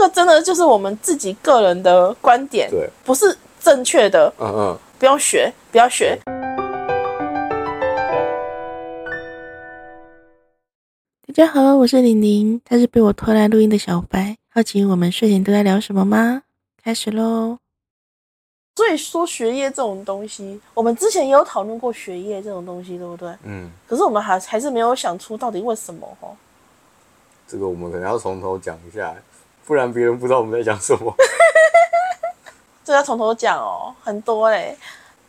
這真的就是我們自己個人的觀點，對，不是正確的。嗯嗯，不要學，不要學。對大家好，我是靈靈，她是被我拖來錄音的小白。好奇我們睡前都在聊什麼嗎？開始嘍。所以說學業這種東西，我們之前也有討論過學業這種東西，對不對？嗯。可是我們還還是沒有想出到底為什麼哦。這個我們可能要從頭講一下。不然別人不知道我們在講什麼。 這要從頭講哦，很多嘞。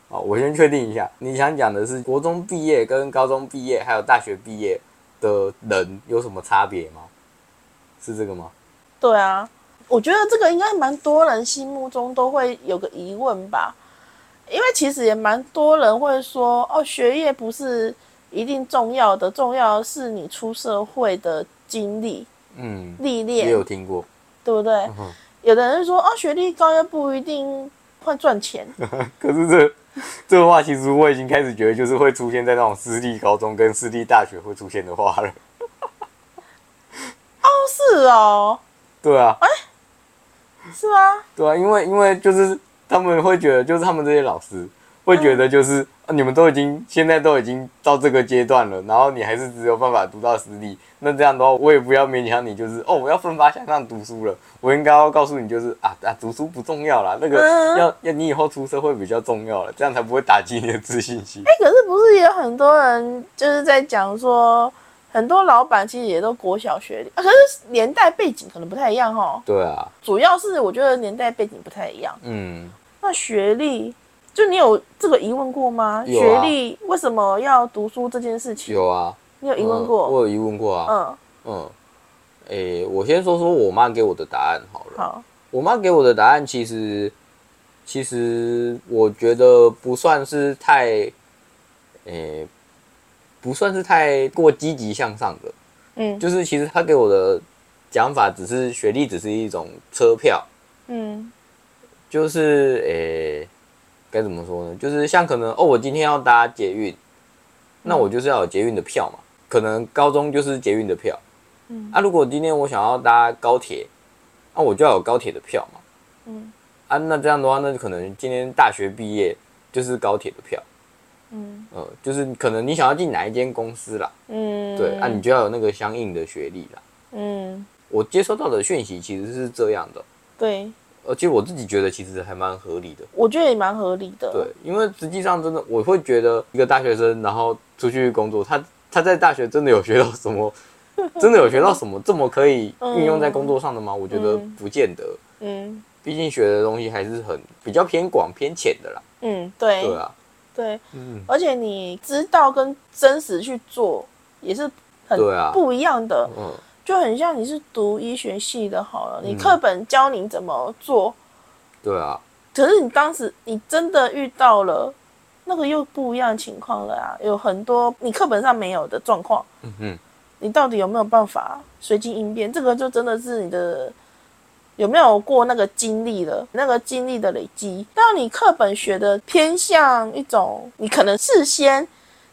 好，我先確定一下，你想講的是國中畢業、跟高中畢業，還有大學畢業的人有什麼差別嗎？是這個嗎？對啊，我覺得這個應該蠻多人心目中都會有個疑問吧，因為其實也蠻多人會說，哦，學業不是一定重要的，重要的是你出社會的經歷，嗯，歷練。也有聽過。對不對？嗯哼。有的人說啊、哦，學歷高又不一定會賺錢。可是這個、這個話，其實我已經開始覺得，就是會出現在那種私立高中跟私立大學會出現的話了。哦，是哦。對啊。哎、欸，是嗎？對啊，因為因為就是他們會覺得，就是他們這些老師會覺得，就是、嗯。啊、你們都已經現在都已經到這個階段了，然後你還是只有辦法讀到私立，那這樣的話我也不要勉強你，就是哦，我要奮發向上讀書了。我應該要告訴你，就是啊啊，讀書不重要了，那個要、嗯、要你以後出社會比較重要了，這樣才不會打擊你的自信心、欸。可是不是也有很多人就是在講說，很多老闆其實也都國小學歷、啊，可是年代背景可能不太一樣哦。對啊，主要是我覺得年代背景不太一樣。嗯，那學歷。就你有這個疑問過嗎？有啊、學歷為什麼要讀書這件事情？有啊，你有疑問過、嗯？我有疑問過啊。嗯嗯，誒、嗯欸，我先說說我媽給我的答案好了。好，我媽給我的答案其實，其實我覺得不算是太，誒、欸，不算是太過積極向上的。嗯，就是其實她給我的講法，只是學歷只是一種車票。嗯，就是誒。欸該怎麼說呢？就是像可能哦，我今天要搭捷運，那我就是要有捷運的票嘛。可能高中就是捷運的票，嗯。啊，如果今天我想要搭高鐵，那、啊、我就要有高鐵的票嘛，嗯。啊，那這樣的話，那就可能今天大學畢業就是高鐵的票，嗯。呃，就是可能你想要進哪一間公司啦，嗯。對，啊，你就要有那個相應的學歷啦，嗯。我接收到的訊息其實是這樣的，對。而且我自己覺得，其實還蠻合理的。我覺得也蠻合理的。對，因為實際上真的，我會覺得一個大學生，然後出去工作，他他在大學真的有學到什麼？ 真的有學到什麼這麼可以運用在工作上的嗎？我覺得不見得。嗯，嗯，畢竟學的東西還是很比較偏廣偏淺的啦。嗯，對。對啊。對。對嗯、而且你知道跟真實去做也是很不一樣的。啊、嗯。就很像你是讀醫學系的，好了，你課本教你怎麼做，嗯、對啊，可是你當時你真的遇到了那個又不一樣情況了啊，有很多你課本上沒有的狀況，嗯嗯哼，你到底有沒有辦法隨機應變？這個就真的是你的有沒有過那個經歷了，那個經歷的累積，但你課本學的偏向一種，你可能事先。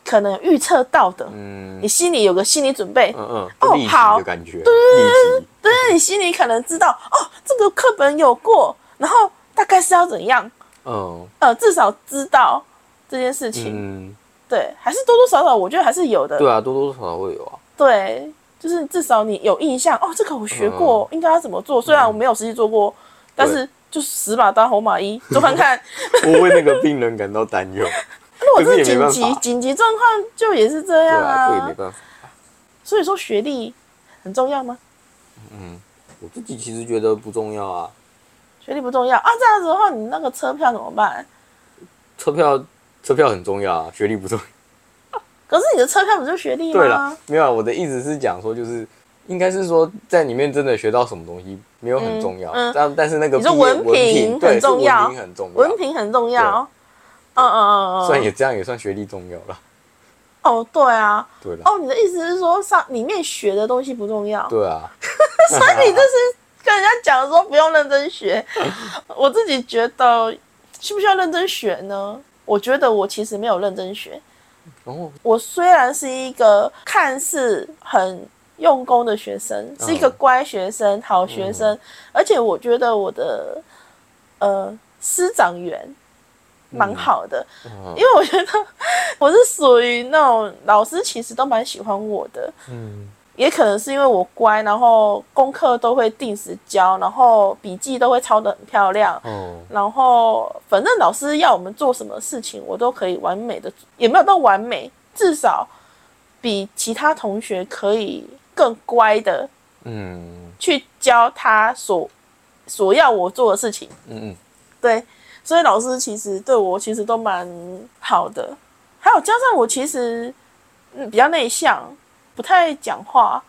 可能預測到的，嗯，你心裡有個心理準備，嗯嗯，哦，好，感覺，對對你心裡可能知道，哦，這個課本有過，然後大概是要怎樣，嗯，呃，至少知道這件事情，嗯，對，還是多多少少，我覺得還是有的，對啊，多多少少會有啊，對，就是至少你有印象，哦，這個我學過，應該要怎麼做，雖然我沒有實際做過，但是就是死馬當活馬醫，就看看。我為那個病人感到擔憂。那我如果是緊急緊急狀況，就也是這樣啊。啊所以說學歷很重要嗎？嗯，我自己其實覺得不重要啊。學歷不重要啊？這樣子的話，你那個車票怎麼辦？車票車票很重要啊。學歷不重要。可是你的車票不就學歷嗎？對了，沒有。我的意思是講說，就是應該是說，在裡面真的學到什麼東西沒有很重要，但、嗯嗯、但是那個文憑很重要，文憑很重要。嗯嗯嗯嗯，算，也這樣也算學歷重要了。哦，oh, 對啊。對了。哦，oh, 你的意思是說，上裡面學的東西不重要？對啊。所以 你這是跟人家講說不用認真學。 我自己覺得需不需要認真學呢？我覺得我其實沒有認真學。Oh. 我雖然是一個看似很用功的學生，oh. 是一個乖學生、好學生，oh. 而且我覺得我的呃師長緣。蠻好的，嗯，因為我覺得我是屬於那種老師其實都蠻喜歡我的，嗯，也可能是因為我乖，然後功課都會定時交，然後筆記都會抄得很漂亮，哦，然後反正老師要我們做什麼事情，我都可以完美的，也沒有到完美，至少比其他同學可以更乖的，嗯，去教他所所要我做的事情，嗯嗯，對。所以老師其實對我其實都蠻好的，還有加上我其實嗯比較內向，不太講話，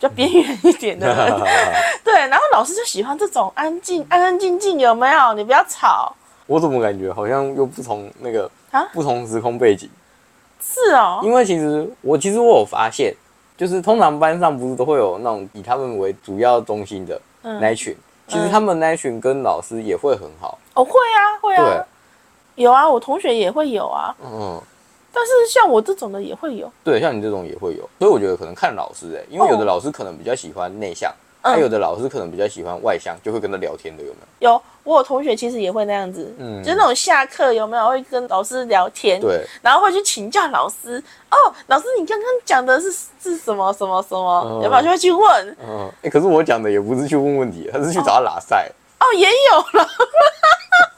比較邊緣一點的，嗯、 對。然後老師就喜歡這種安靜、安安靜靜，有沒有？你不要吵。我怎麼感覺好像又不同那個啊，不同時空背景。是哦，因為其實我其實我有發現，就是通常班上不是都會有那種以他們為主要中心的那一群。嗯其實他們內向跟老師也會很好、嗯、哦，會啊，會啊，對有啊，我同學也會有啊，嗯，但是像我這種的也會有，對，像你這種也會有，所以我覺得可能看老師哎、欸，因為有的老師可能比較喜歡內向，哦、還有的老師可能比較喜歡外向，嗯、就會跟他聊天的，有沒有？有。我同學其實也會那樣子，嗯，就那種下課有沒有會跟老師聊天，對，然後會去請教老師，哦，老師你剛剛講的是是什麼什麼什麼，嗯、有沒有就會去問，嗯、欸，可是我講的也不是去問問題，他是去找他拉賽、哦。哦，也有了，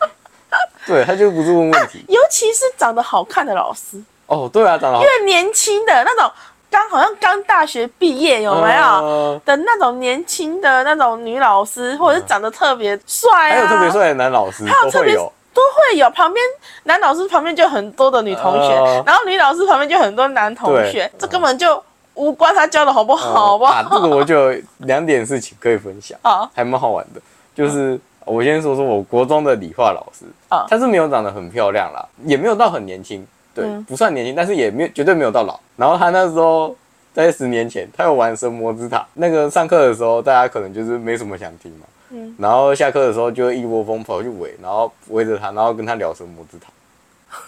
對，他就不是問問題、啊，尤其是長得好看的老師，哦，對啊，因為年輕的那種。剛好像剛大學畢業有沒有的那種，年輕的那種女老師，或者是長得特別帥、啊、還有特別帥的男老師，他有特別都會有，旁邊男老師旁邊就很多的女同學，然後女老師旁邊就很多男同學，這根本就無關他教的好不好吧？啊，這個我就兩點事情可以分享啊，還蠻好玩的，就是我先說說我國中的理化老師啊，他是沒有長得很漂亮啦，也沒有到很年輕。對，不算年輕，但是也沒有絕對沒有到老。然後他那時候在十年前，他有玩《神魔之塔》。那個上課的時候，大家可能就是沒什麼想聽嘛，嗯、然後下課的時候就一窩蜂跑去圍，然後圍着他，然後跟他聊《神魔之塔》。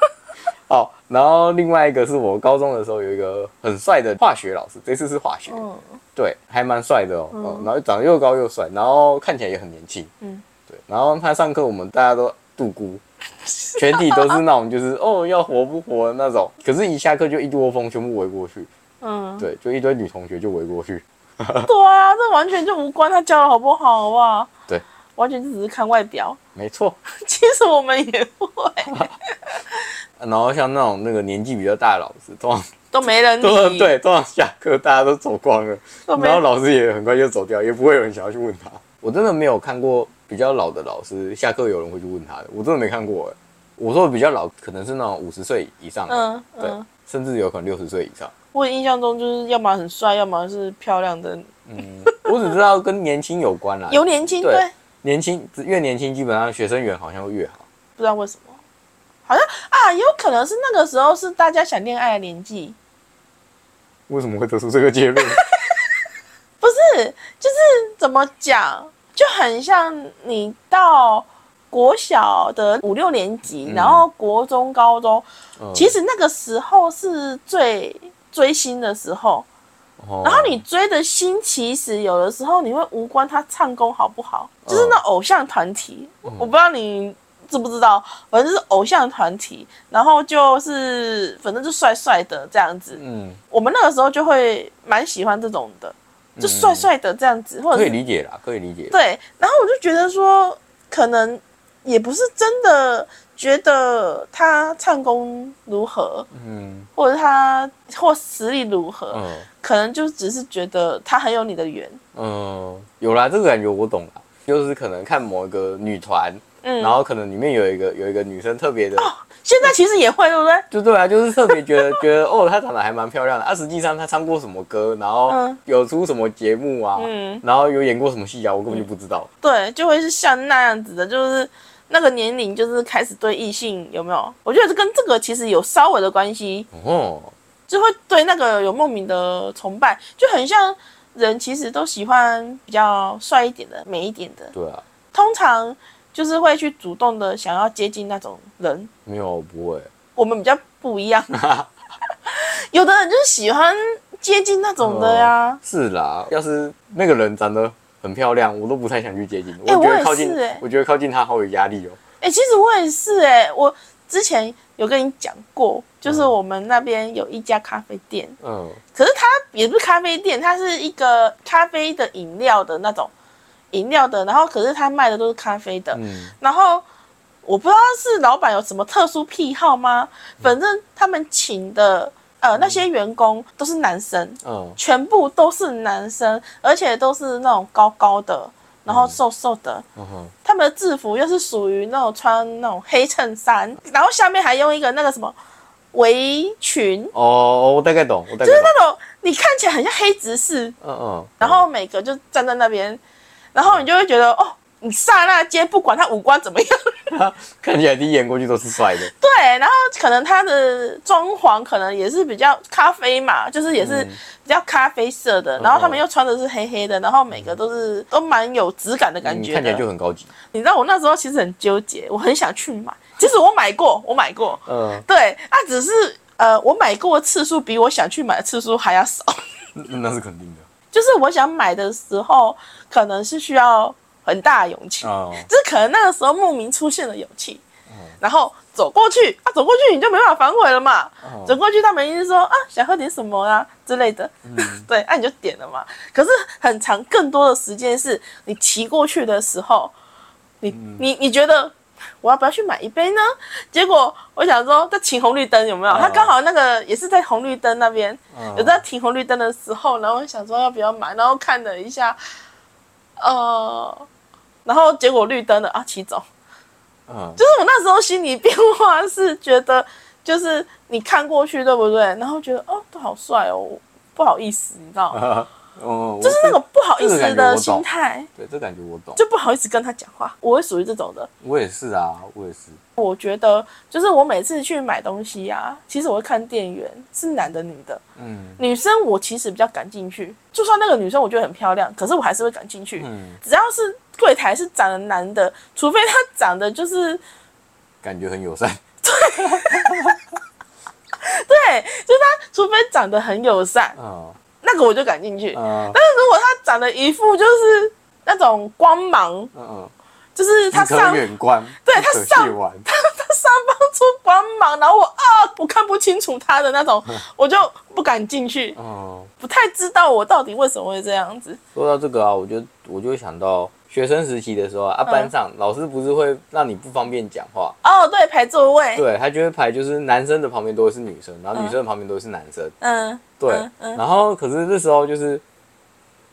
好，然後另外一個是我高中的時候有一個很帥的化學老師，這次是化學，哦、對，還蠻帥的哦。嗯、然後長得又高又帥，然後看起來也很年輕。嗯，對，然後他上課我們大家都度孤。全體都是那種，就是 哦，要活不活的那種。可是，一下課就一窩蜂，全部圍過去。嗯，對，就一堆女同學就圍過去。嗯、呵呵，對啊，這完全就無關她教的好不好，好不好？對，完全只是看外表。沒錯錯， 其實我們也會。 然後像那種那個年紀比較大的老師，通常都沒人都。對，通常下課大家都走光了，沒然後老師也很快就走掉，也不會有人想要去問他。我真的沒有看過。比較老的老師，下課有人會去問他的，我真的沒看過，我說比較老，可能是那種五十歲以上的，嗯，嗯對，甚至有可能六十歲以上。我印象中就是要，要麼很帥，要麼是漂亮的。嗯，我只知道跟年輕有關啦，啊， 有年輕輕對，對年輕越年輕，基本上學生緣好像會越好，不知道為什麼。好像啊，有可能是那個時候是大家想戀愛的年紀。為什麼會得出這個結論？ 不是，就是怎麼講？就很像你到國小的五六年級，然後國中、高中，嗯呃、其實那個時候是最追星的時候。哦、然後你追的星，其實有的時候你會無關他唱功好不好，就是那偶像團體，嗯嗯、我不知道你知不知道，反正是偶像團體，然後就是反正就帥帥的這樣子。嗯，我們那個時候就會蠻喜歡這種的。就帥帥的這樣子，嗯、或者可以理解啦，可以理解。對，然後我就覺得說，可能也不是真的覺得他唱功如何，嗯，或者他或實力如何，嗯，可能就只是覺得他很有你的緣，嗯、呃，有啦，這個感覺我懂啦，就是可能看某一個女團，嗯，然後可能裡面有一個有一個女生特別的。哦現在其實也會，嗯、對不對？就對啊，就是特別覺得 覺得哦，她長得還蠻漂亮的。而、啊、實際上，她唱過什麼歌，然後有出什麼節目啊，嗯、然後有演過什麼戲啊，我根本就不知道。嗯、對，就會是像那樣子的，就是那個年齡，就是開始對異性有沒有？我覺得這跟這個其實有稍微的關係哦，就會對那個有莫名的崇拜，就很像人，其實都喜歡比較帥一點的、美一點的。對啊，通常。就是會去主動的想要接近那種人，沒有不會，我們比較不一樣 有的人就是喜歡接近那種的呀、啊呃。是啦，要是那個人長得很漂亮，我都不太想去接近。欸我，欸、我覺得靠近。欸我，欸、我覺得靠近他好有壓力哦、喔。哎、欸，其實我也是哎、欸，我之前有跟你講過，就是我們那邊有一家咖啡店，嗯，可是它也不是咖啡店，它是一個咖啡的飲料的那種。飲料的，然後可是他賣的都是咖啡的。嗯，然後我不知道是老闆有什麼特殊癖好嗎？反正、嗯、他們請的呃、嗯、那些員工都是男生，嗯，全部都是男生，而且都是那種高高的，然後瘦瘦的。嗯哼，嗯，他們的制服又是屬於那種穿那種黑襯衫，然後下面還用一個那個什麼圍裙。哦，我大概懂，我大概懂。就是那種你看起來很像黑執事、嗯。嗯嗯，然後每個就站在那邊。然後你就會覺得，嗯、哦，你剎那間不管他五官怎麼樣，看起來第一眼過去都是帥的。對，然後可能他的裝潢可能也是比較咖啡嘛，就是也是比較咖啡色的。嗯、然後他們又穿的是黑黑的，然後每個都是、嗯、都蠻有質感的感覺，你看起來就很高級。你知道我那時候其實很糾結，我很想去買，其實我買過，我買過，嗯，對，那、啊、只是呃，我買過的次數比我想去買的次數還要少，嗯、那是肯定的。就是我想買的時候，可能是需要很大的勇氣，oh. 就是可能那個時候莫名出現了勇氣，oh. 然後走過去啊，走過去你就沒辦法反悔了嘛，oh. 走過去他們一直說啊，想喝點什麼啊之類的，mm. 對，那、啊、你就點了嘛。可是很長，更多的時間是你騎過去的時候，你、mm. 你你覺得。我要不要去買一杯呢？結果我想說在停紅綠燈有沒有？他剛好那個也是在紅綠燈那邊，有在停紅綠燈的時候，然後我想說要不要買，然後看了一下，呃，然後結果綠燈了啊，騎走。嗯，就是我那時候心裡變化是覺得，就是你看過去對不對？然後覺得哦，都好帥哦，不好意思，你知道。哦，嗯、就是那種不好意思的心態，對，這個、感覺我懂，這個、我懂，就不好意思跟他講話，我會屬於這種的。我也是啊，我也是。我覺得就是我每次去買東西啊，其實我會看店員是男的女的，嗯，女生我其實比較敢進去，就算那個女生我覺得很漂亮，可是我還是會敢進去，嗯，只要是櫃檯是長得男的，除非他長得就是感覺很友善，對， 對，就是他，除非長得很友善啊。嗯那個我就敢進去，嗯、但是如果他長得一副就是那種光芒，嗯，就是他上遠觀，對他上他他上方出光芒，然後我啊，我看不清楚他的那種，呵我就不敢進去，哦、嗯，不太知道我到底為什麼會這樣子。說到這個啊，我就我就想到。學生時期的時候啊，班上老師不是會讓你不方便講話哦，對，排座位，對，他就會排，就是男生的旁邊都是女生，然後女生的旁邊都是男生，嗯，對，然後可是那時候就是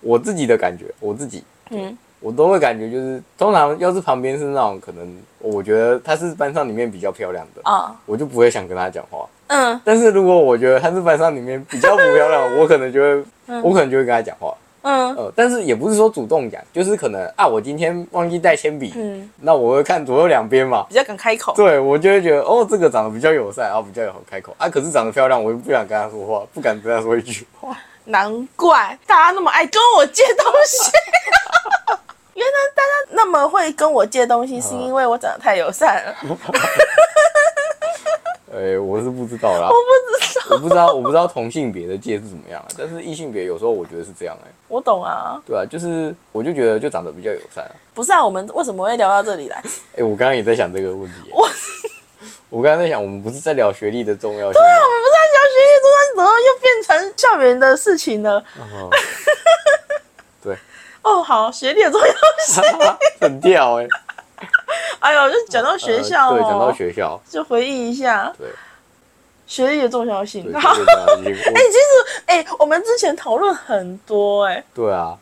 我自己的感覺，我自己，嗯，我都會感覺就是，通常要是旁邊是那種可能，我覺得她是班上裡面比較漂亮的啊，我就不會想跟她講話，嗯，但是如果我覺得她是班上裡面比較不漂亮，我可能就會，我可能就會跟她講話。嗯、呃、但是也不是說主動講，就是可能啊，我今天忘記帶鉛筆，嗯，那我會看左右兩邊嘛，比較敢開口。對，我就會覺得哦，這個長得比較友善，啊，比較有好開口啊。可是長得漂亮，我又不想跟他說話，不敢跟他說一句話。難怪大家那麼愛跟我借東西， 原來大家那麼會跟我借東西，是因為我長得太友善了。哎、欸，我是不知道啦，我不知道，我不知道，我不知道同性別的界是怎麼樣，但是異性別有時候我覺得是這樣。哎、欸，我懂啊，對啊，就是我就覺得就長得比較友善、啊、不是啊，我們為什麼會聊到這裡來？哎、欸，我剛剛也在想這個問題、欸，我是我剛剛在想，我們不是在聊學歷的重要性，性，對啊，我們不是在聊學歷重要，怎麼又變成校園的事情了？Oh. 對，哦，oh, 好，學歷的重要性， 很吊哎、欸。哎呦，就講到學校、哦呃，對，講到學校，就回憶一下，對，學歷的重要性。然後，哎，其實，哎、欸，我們之前討論很多、欸，哎，對啊，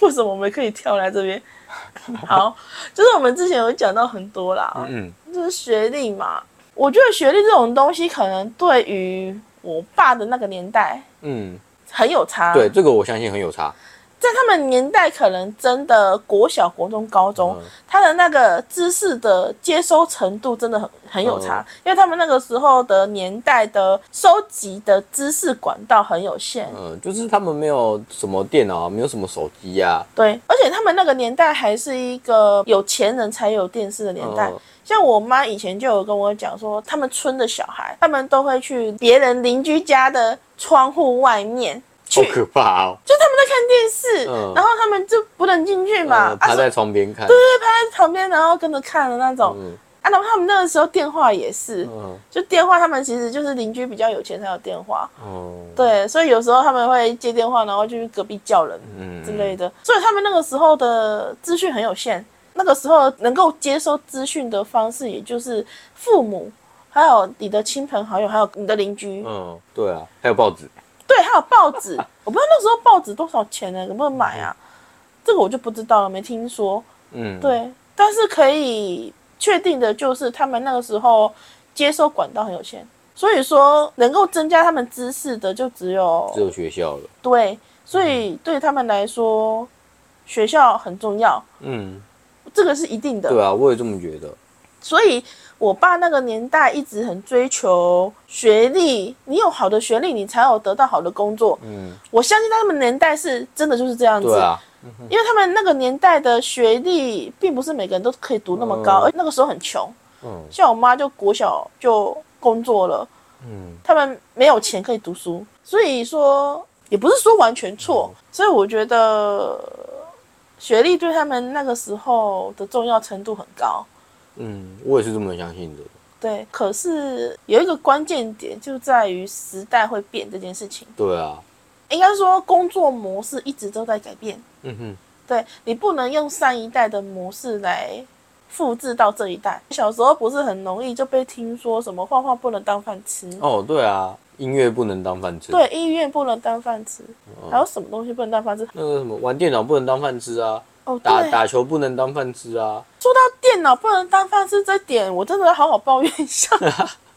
為什麼我們可以跳來這邊？ 好，就是我們之前有講到很多啦，嗯，嗯，就是學歷嘛。我覺得學歷這種東西，可能對於我爸的那個年代，嗯，很有差、嗯。對，這個我相信很有差。在他們年代，可能真的國小、國中、高中，嗯、他的那個知識的接收程度真的很很有差，嗯、因為他們那個時候的年代的收集的知識管道，很有限。嗯，就是他們沒有什麼電腦，沒有什麼手機呀、啊。對，而且他們那個年代還是一個有錢人才有電視的年代。嗯、像我媽以前就有跟我講說，他們村的小孩，他們都會去別人鄰居家的窗戶外面。去好可怕哦、喔！就他們在看電視，嗯、然後他們就不能進去嘛。他、呃、在窗邊看，對、啊、對，趴在旁邊，然後跟着看的那種。嗯、啊，然後他們那個時候電話也是，嗯、就電話他們其實就是鄰居比較有錢才有電話。嗯對，所以有時候他們會接電話，然後就去隔壁叫人之類的。嗯、所以他們那個時候的資訊很有限，那個時候能夠接收資訊的方式，也就是父母，還有你的親朋好友，還有你的鄰居。嗯，對啊，還有報紙。對，還有報紙， 我不知道那時候報紙多少錢呢？能不能買啊？嗯、這個我就不知道了，沒聽說。嗯，對，但是可以確定的就是，他們那個時候接受管道很有限，所以說能夠增加他們知識的就只有只有學校了。對，所以對他們來說，嗯、學校很重要。嗯，這個是一定的。對啊，我也這麼覺得。所以。我爸那個年代一直很追求學歷，你有好的學歷，你才有得到好的工作。嗯，我相信他們年代是真的就是這樣子，對啊，嗯，因為他們那個年代的學歷並不是每個人都可以讀那麼高，嗯，而那個時候很窮。嗯，像我媽就國小就工作了。嗯，他們沒有錢可以讀書，所以說也不是說完全錯。嗯，所以我覺得學歷對他們那個時候的重要程度很高。嗯，我也是這麼相信的。對，可是有一個關鍵點就在於時代會變這件事情。對啊，應該說工作模式一直都在改變。嗯哼，對你不能用上一代的模式來複製到這一代。小時候不是很容易就被聽說什麼畫畫不能當飯吃？哦，對啊，音樂不能當飯吃。對，音樂不能當飯吃，還有、嗯、什麼東西不能當飯吃？那個什麼玩電腦不能當飯吃啊。哦、打打球不能當飯吃啊！說到電腦不能當飯吃這點，我真的要好好抱怨一下。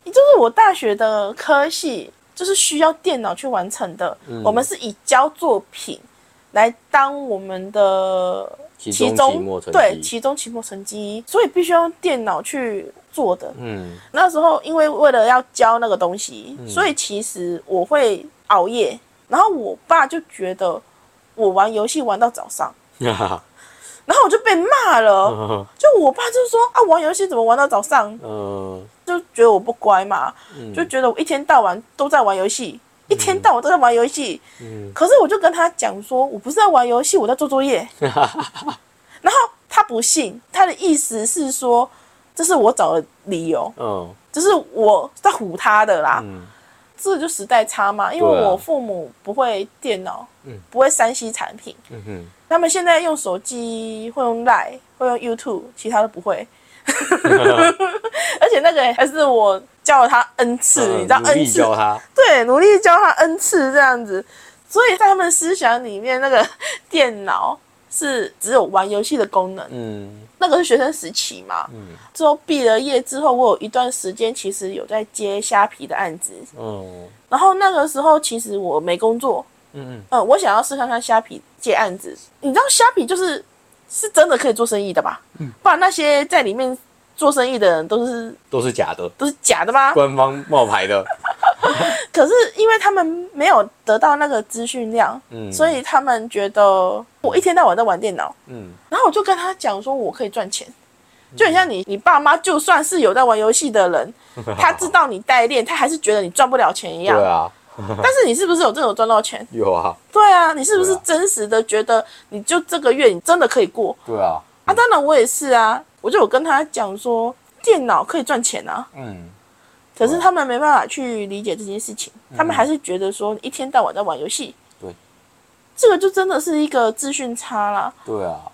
你就是我大學的科系，就是需要電腦去完成的。嗯、我們是以交作品來當我們的期中期末成績，對，期中期末成績，所以必須要用電腦去做的。嗯，那時候因為為了要交那個東西，嗯、所以其實我會熬夜，然後我爸就覺得我玩遊戲玩到早上。 然後我就被罵了，就我爸就說啊，玩遊戲怎麼玩到早上？就覺得我不乖嘛，就覺得我一天到晚都在玩遊戲，一天到晚都在玩遊戲。可是我就跟他講說，我不是在玩遊戲，我在做作業。然後他不信，他的意思是說，這是我找的理由，就是我在唬他的啦。這就時代差嘛，因為我父母不會電腦，不會 3C 產品，他們現在用手機，會用 Line，會用 YouTube，其他都不會。 而且那個還是我教了他 N 次，嗯、你知道 N 次？對，努力教他 N 次這樣子。所以在他們思想裡面，那個電腦是只有玩遊戲的功能。嗯，那個是學生時期嘛。嗯。之後畢了業之後，我有一段時間其實有在接蝦皮的案子。嗯。然後那個時候其實我沒工作。嗯嗯，嗯，我想要試看看蝦皮接案子，你知道蝦皮就是是真的可以做生意的吧？嗯，不然那些在裡面做生意的人都是都是假的，都是假的吧？官方冒牌的。 可是因為他們沒有得到那個資訊量，嗯，所以他們覺得我一天到晚在玩電腦，嗯，嗯，然後我就跟他講說我可以賺錢，就很像你，你爸媽就算是有在玩遊戲的人， 好，他知道你代練，他還是覺得你賺不了錢一樣。對啊。但是你是不是有這種賺到錢？有啊，對啊，你是不是真實的覺得你就這個月你真的可以過？對啊，啊，當然我也是啊，我就有跟他講說電腦可以賺錢啊，嗯，可是他們沒辦法去理解這件事情，他們還是覺得說一天到晚在玩遊戲，對，這個就真的是一個資訊差啦，對啊，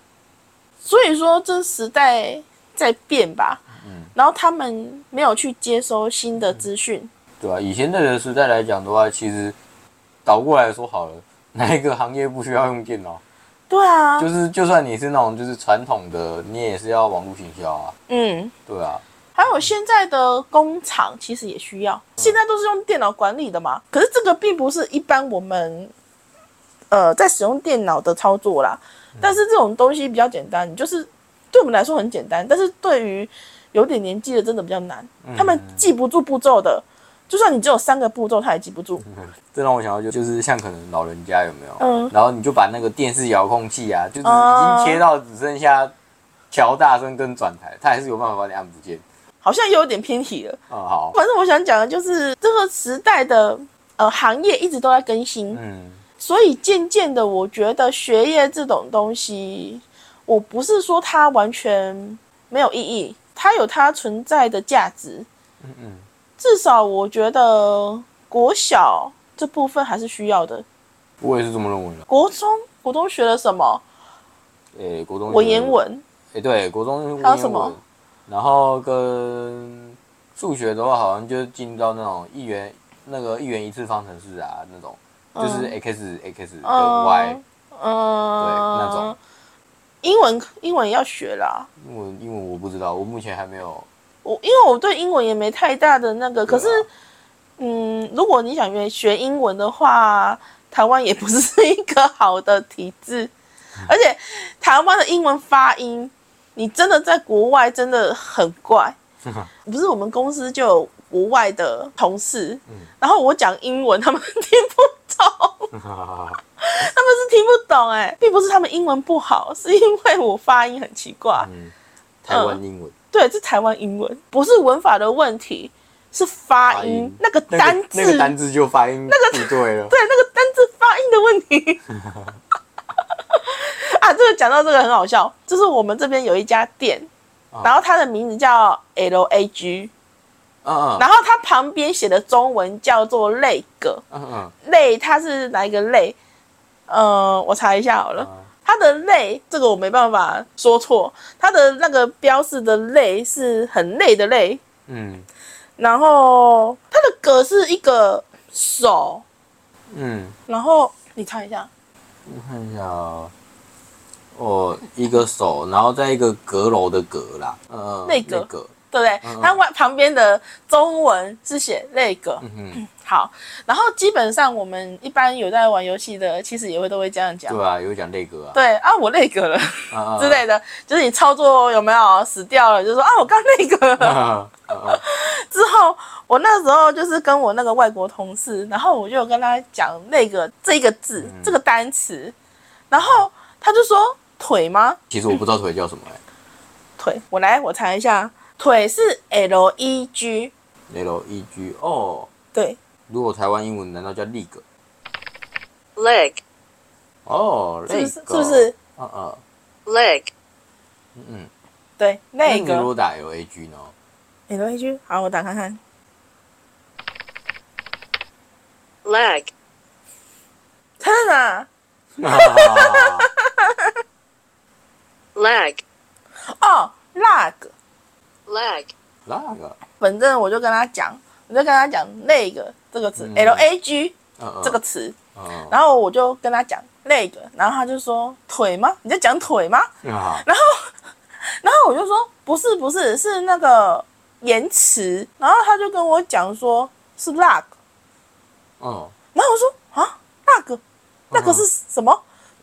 所以說這時代在變吧，嗯，然後他們沒有去接收新的資訊。對啊，以前那個時代來講的話，其實倒過來來說好了，哪一個行業不需要用電腦？對啊，就是就算你是那種就是傳統的，你也是要網絡行銷啊。嗯，對啊，還有現在的工廠其實也需要，現在都是用電腦管理的嘛。嗯、可是這個並不是一般我們呃在使用電腦的操作啦，嗯、但是這種東西比較簡單，就是對我們來說很簡單，但是對於有點年紀的真的比較難，嗯、他們記不住步驟的。就算你只有三個步驟，他也記不住。嗯，這讓我想到，就就是像可能老人家有沒有？嗯，然後你就把那個電視遙控器啊，就是已經切到只剩下調、嗯、大聲跟轉台，他還是有辦法把你按不見。好像又有點偏題了。嗯，好。反正我想講的就是，這個時代的呃行業一直都在更新。嗯，所以漸漸的，我覺得學業這種東西，我不是說它完全沒有意義，它有它存在的價值。嗯嗯。嗯至少我覺得國小這部分還是需要的。我也是這麼認為的。國中，國中學了什麼？誒、欸欸，國中文言文。誒，對，國中文言文。然後跟數學的話，好像就進入到那種一元，那個一元一次方程式啊，那種、嗯、就是 x x, x y，嗯，嗯對，那種。英文，英文要學啦。英文，英文我不知道，我目前還沒有。我因為我對英文也沒太大的那個，可是，嗯，如果你想學學英文的話，台灣也不是一個好的體制，而且台灣的英文發音，你真的在國外真的很怪。不是我們公司就有國外的同事，然後我講英文他們聽不懂，他們是聽不懂哎，並不是他們英文不好，是因為我發音很奇怪。台灣英文。對，是台灣英文，不是文法的問題，是發音那個單字、那個，那個單字就發音那個不對了，對，那個單字發音的問題。 啊，這個講到這個很好笑，就是我們這邊有一家店，啊、然後它的名字叫 L A G，嗯嗯然後它旁邊寫的中文叫做 Lag, 嗯嗯“累格”，嗯累它是哪一個累？嗯、呃，我查一下好了。啊它的累，這個我沒辦法說錯。它的那個標示的累是很累的累，嗯。然後它的格是一個手，嗯。然後你看一下，我看一下哦，一個手，然後在一個閣樓的閣啦，嗯、呃，內閣閣，格，對不對？它外、嗯嗯、旁邊的中文是寫內閣，嗯，哼嗯。好，然後基本上我們一般有在玩遊戲的，其實也會都會這樣講，對啊，有講 lag，對啊，我 lag 了啊啊啊啊之類的，就是你操作有沒有死掉了，就說啊，我剛 lag。啊啊啊啊之後我那時候就是跟我那個外國同事，然後我就跟他講 lag 這個字、嗯、這個單詞，然後他就說腿嗎？其實我不知道腿叫什麼、欸嗯、腿，我來我查一下，腿是 L E G，L E G，哦，對。如果台灣英文難道叫 league？leg a 哦，是不是？是不是？啊啊，leg 嗯嗯，嗯 leg 嗯，對那個。那你如果打 lag 呢？lag 好，我打看看。lag，天哪！哈哈哈！哈哈 leg 哦，lag，lag，lag，反正我就跟他講。我就跟他講 leg 這個詞、嗯、lag，這個詞，嗯嗯嗯、然後我就跟他講 leg，然後他就說腿嗎？你在講腿嗎？嗯、然後，然後我就說不是不是，是那個延遲，然後他就跟我講說是 l u g 哦，然後我說啊 l u g 那可是什麼？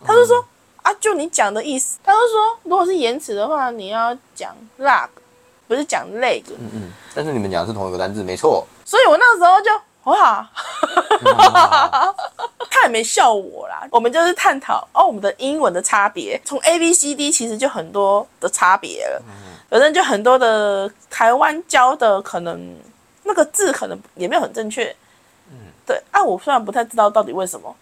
嗯、他就說啊，就你講的意思，他就說如果是延遲的話，你要講 l u g 不是講類的，嗯嗯，但是你們講的是同一個單字，沒錯。所以，我那個時候就，哇、啊、 他也沒笑我啦！我們就是探討哦，我們的英文的差別，從 A B C D 其實就很多的差別了。嗯，嗯，反正就很多的台灣教的可能那個字可能也沒有很正確。嗯，對啊，我雖然不太知道到底為什麼，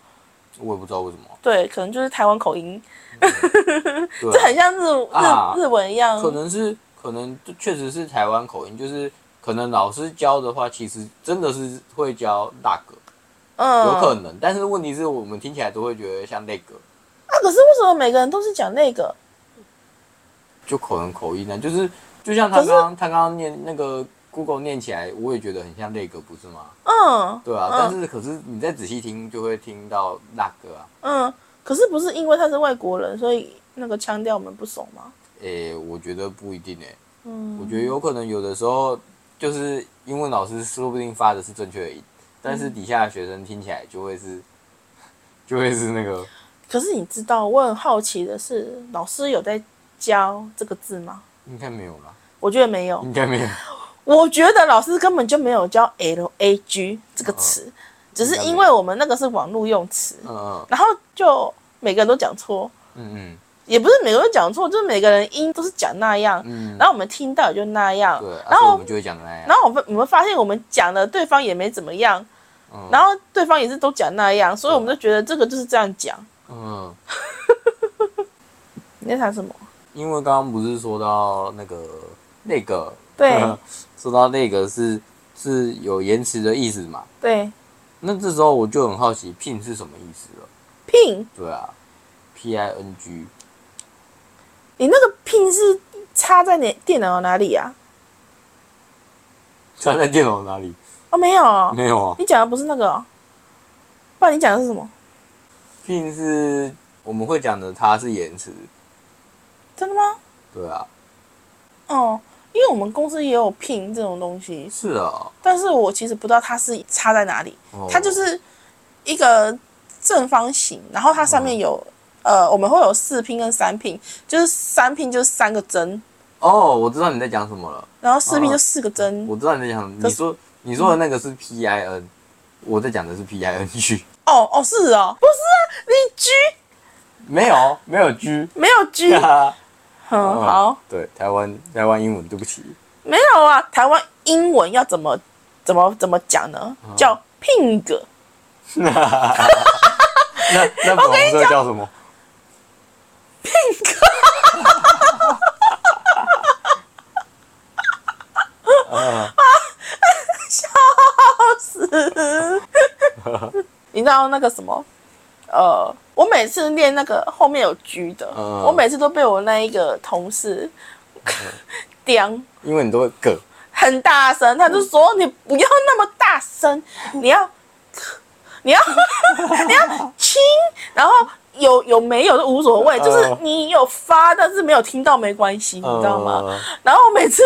我也不知道為什麼。對，可能就是台灣口音，這 很像日日、啊、日文一樣，可能是。可能就確實是台灣口音，就是可能老師教的話，其實真的是會教那個，嗯，有可能。但是問題是，我們聽起來都會覺得像那個。啊，可是為什麼每個人都是講那個？就可能口音呢、啊？就是就像他剛剛是他剛剛念那個 Google 念起來，我也覺得很像那個，不是嗎？嗯，對啊。但是可是你再仔細聽，就會聽到那個啊。嗯，可是不是因為他是外國人，所以那個腔調我們不熟嗎？誒、欸，我覺得不一定誒、欸。嗯。我覺得有可能有的時候，就是英文老師說不定發的是正確的，音、嗯，但是底下的學生聽起來就會是，就會是那個。可是你知道，我很好奇的是，老師有在教這個字嗎？應該沒有吧。我覺得沒有。應該沒有。我覺得老師根本就沒有教 L A G 這個詞，嗯、只是因為我們那個是網絡用詞。嗯嗯。然後就每個人都講錯。嗯嗯。也不是每個人講錯，就是每個人音都是講那樣，嗯、然後我們聽到也就那樣。對，然後、啊、我們就會講那樣。然後我們我們發現我們講的對方也沒怎麼樣，嗯、然後對方也是都講那樣，所以我們就覺得這個就是這樣講。嗯， 你在想什麼？因為剛剛不是說到那個那個對，對、嗯，說到那個是是有延遲的意思嘛？對。那這時候我就很好奇 “ping” 是什麼意思了？“ping” 對啊，p-i-n-g。P I N G 你那個 ping 是插在哪電腦哪裡啊？插在電腦哪裡？哦，沒有，沒有啊！沒有啊，你講的不是那個，啊，不然你講的是什麼？ping 是我們會講的，它是延遲。真的嗎？對啊。哦，嗯，因為我們公司也有 ping 這種東西。是啊。但是我其實不知道它是插在哪裡。它、哦，就是一個正方形，然後它上面有，嗯。呃，我們會有四拼跟三拼，就是三拼就是三個針。哦，我知道你在講什麼了。然後四拼就四個針。我知道你在講什麼，你說你說的那個是 pin，我在講的是 ping。哦哦，是哦，不是啊，你 g 沒有沒有 g 沒有 g 哈，好。對，台灣台灣英文對不起。沒有啊，台灣英文要怎麼怎麼怎麼講呢？叫 ping。那那我跟你講叫什麼？啊！笑死！你知道那個什麼？呃，我每次練那個後面有狙的，uh, 我每次都被我那一個同事，叼、uh, 叮，因為你都會咳很大聲，他就說你不要那麼大聲，你要， 你要 你要輕，然後。有有沒有都無所謂，呃、就是你有發，但是沒有聽到沒關係，呃、你知道嗎？然後我每次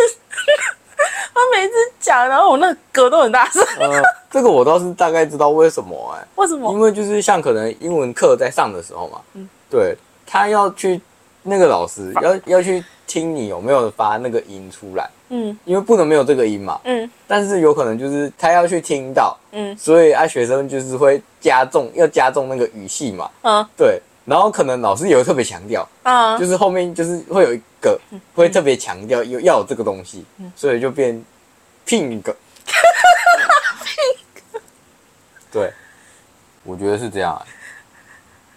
他每次講，然後我那個嗝都很大聲、呃。這個我倒是大概知道為什麼、欸，哎，為什麼？因為就是像可能英文課在上的時候嘛，嗯、對，他要去。那個老師要要去聽你有沒有發那個音出來，嗯，因為不能沒有這個音嘛，嗯，但是有可能就是他要去聽到，嗯，所以啊，學生就是會加重，要加重那個語氣嘛，嗯，對，然後可能老師也會特別強調，嗯，就是後面就是會有一個，嗯、會特別強調有要有這個東西，嗯、所以就變，pink， pink，對，我覺得是這樣啊，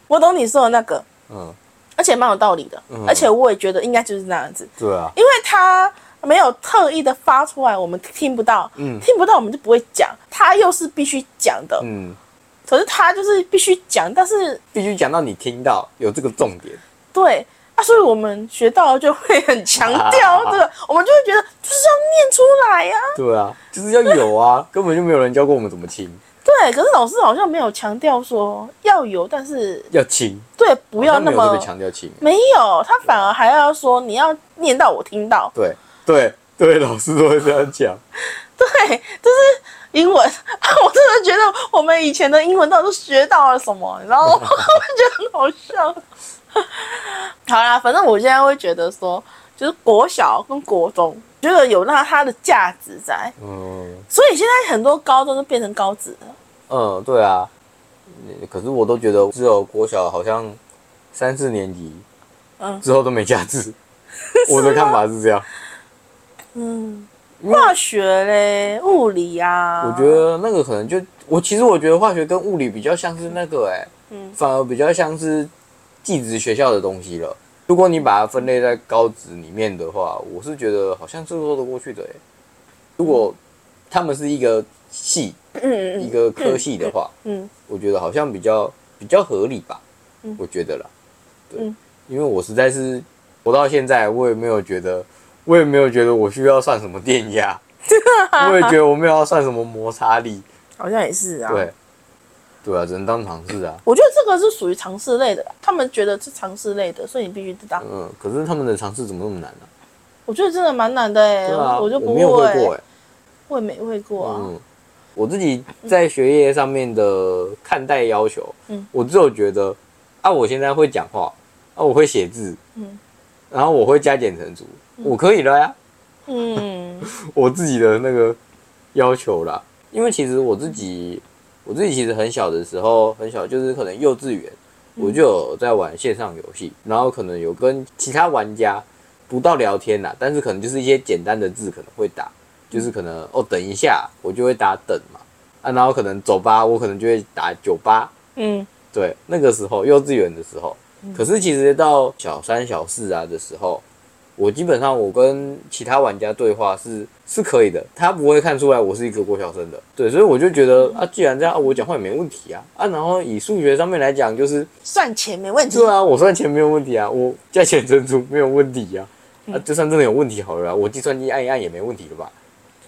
我懂你說的那個，嗯。而且蠻有道理的，嗯、而且我也覺得應該就是這樣子，嗯。對啊，因為他沒有特意的發出來，我們聽不到，嗯，聽不到我們就不會講。他又是必須講的，嗯，可是他就是必須講，但是必須講到你聽到有這個重點。對啊，所以我們學到了就會很強調這個，對、啊，我們就會覺得就是要念出來呀、啊。對啊，就是要有啊，以根本就沒有人教過我們怎麼聽。對，可是老師好像沒有強調說要有，但是要輕親，對，不要那麼強調輕。沒有，沒有，他反而還要說你要念到我聽到。對，對，對，老師都會這樣講。對，就是英文，我真的覺得我們以前的英文到底都學到了什麼？你知道嗎？然後我覺得好笑。 好啦，反正我現在會覺得說。就是國小跟國中，覺得有那它的價值在，嗯，所以現在很多高中都是變成高職了。嗯，對啊，可是我都覺得只有國小好像三四年級，嗯，之後都沒價值，嗯。 我的看法是這樣是。嗯，化學嘞，物理啊，我覺得那個可能就我其實我覺得化學跟物理比較像是那個哎、欸嗯，嗯，反而比較像是技職學校的東西了。如果你把它分類在高職裡面的話，我是覺得好像是說得過去的、欸。如果他們是一個系，嗯、一個科系的話，嗯嗯嗯、我覺得好像比較比較合理吧。嗯、我覺得啦，對，嗯、因為我實在是，我到現在我也沒有覺得，我也沒有覺得我需要算什麼電壓， 我也覺得我沒有要算什麼摩擦力，好像也是啊，對。對啊，只能當嘗試啊。我覺得這個是屬於嘗試類的，他們覺得是嘗試類的，所以你必須知道。嗯，可是他們的嘗試怎麼那麼難呢、啊？我覺得真的蠻難的哎、欸，啊、我就不會，我沒有會過哎、欸，會沒會過啊？嗯，我自己在學業上面的看待要求，嗯，我只有覺得，啊，我現在會講話，啊，我會寫字，嗯，然後我會加減乘除，嗯、我可以了呀、啊，嗯， 我自己的那個要求啦，因為其實我自己。我自己其實很小的時候，很小，就是可能幼稚園，我就有在玩線上遊戲，嗯、然後可能有跟其他玩家不到聊天啦、啊。但是可能就是一些簡單的字可能會打，就是可能哦等一下，我就會打等嘛，啊，然後可能走吧，我可能就會打酒吧。嗯，對，那個時候幼稚園的時候，可是其實到小三小四啊的時候。我基本上我跟其他玩家對話是是可以的，他不會看出來我是一個國小生的。對，所以我就覺得啊，既然這樣，我講話也沒問題啊啊。然後以數學上面來講，就是算錢沒問題。對啊，我算錢沒有問題啊，我加減乘除沒有問題啊。嗯、啊，就算真的有問題好了啊，我計算機按一按也沒問題了吧？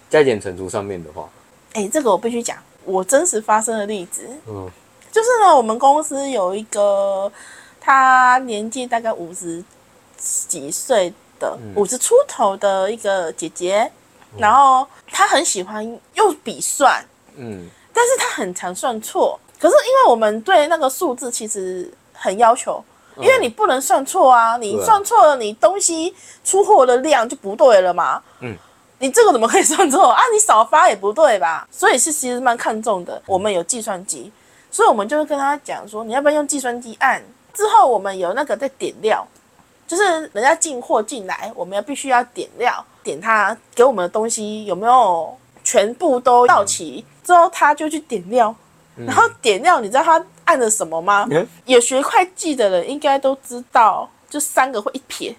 加減乘除上面的話，哎、欸，這個我必須講，我真實發生的例子，嗯，就是呢，我們公司有一個，他年紀大概五十幾歲。五十、嗯、出頭的一個姐姐，嗯、然後她很喜歡用筆算，嗯，但是她很常算錯。可是因為我們對那個數字其實很要求，因為你不能算錯啊，嗯、你算錯了，你東西出貨的量就不對了嘛。嗯，你這個怎麼可以算錯啊？你少發也不對吧？所以是其實蠻看重的，我們有計算機，嗯、所以我們就會跟他講說，你要不要用計算機按？之後我們有那個在點料。就是人家進貨進來，我們要必須要點料，點他給我們的東西有沒有全部都到齊、嗯、之後，他就去點料，嗯、然後點料，你知道他按了什麼嗎？有、嗯、學會計的人應該都知道，就三個會一撇。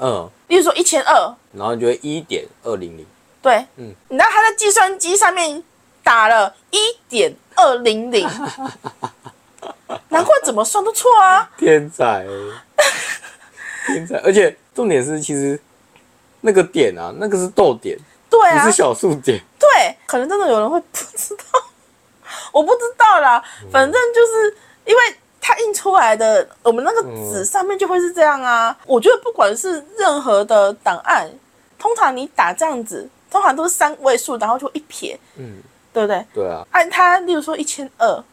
嗯，例如說一千二，然後你就會一點二零零。對，嗯，你知道他在計算機上面打了一點二零零， 難怪怎麼算都錯啊！天才、欸。 而且重點是，其實那個點啊，那個是逗點，對啊，不是小數點，對，可能真的有人會不知道，我不知道啦，嗯、反正就是因為它印出來的，我們那個紙上面就會是這樣啊。嗯、我覺得不管是任何的檔案，通常你打這樣子，通常都是三位數，然後就一撇，嗯，對不對？對啊，按它，例如說一千二，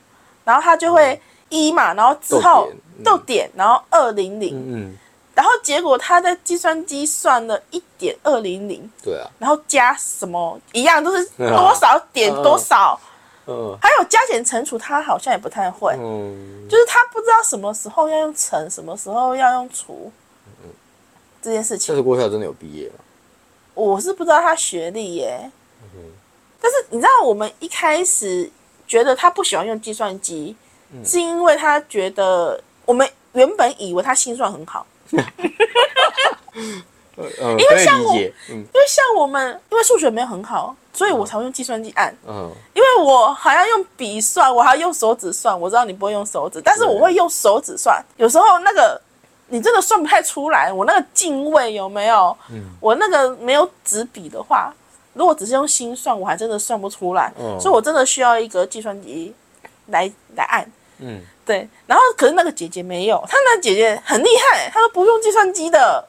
然後它就會一嘛，嗯、然後之後逗點，然後二零零，嗯。後然後結果他在計算機算了一點二零零，對啊，然後加什麼一樣都是多少、啊、點多少，嗯、啊，啊、還有加減乘除他好像也不太會，嗯，就是他不知道什麼時候要用乘，什麼時候要用除，嗯，這件事情，但是郭校真的有畢業嗎？我是不知道他學歷耶、欸，嗯，但是你知道我們一開始覺得他不喜歡用計算機，嗯、是因為他覺得我們原本以為他心算很好。 因為像我，因為像我們，因為數學沒有很好，所以我才會用計算機按。嗯，因為我還要用筆算，我還要用手指算。我知道你不會用手指，但是我會用手指算。有時候那個你真的算不太出來，我那個進位有沒有？我那個沒有紙筆的話，如果只是用心算，我還真的算不出來。所以我真的需要一個計算機來來按。嗯。對，然後可是那個姐姐沒有，她那姐姐很厲害，她都不用計算機的，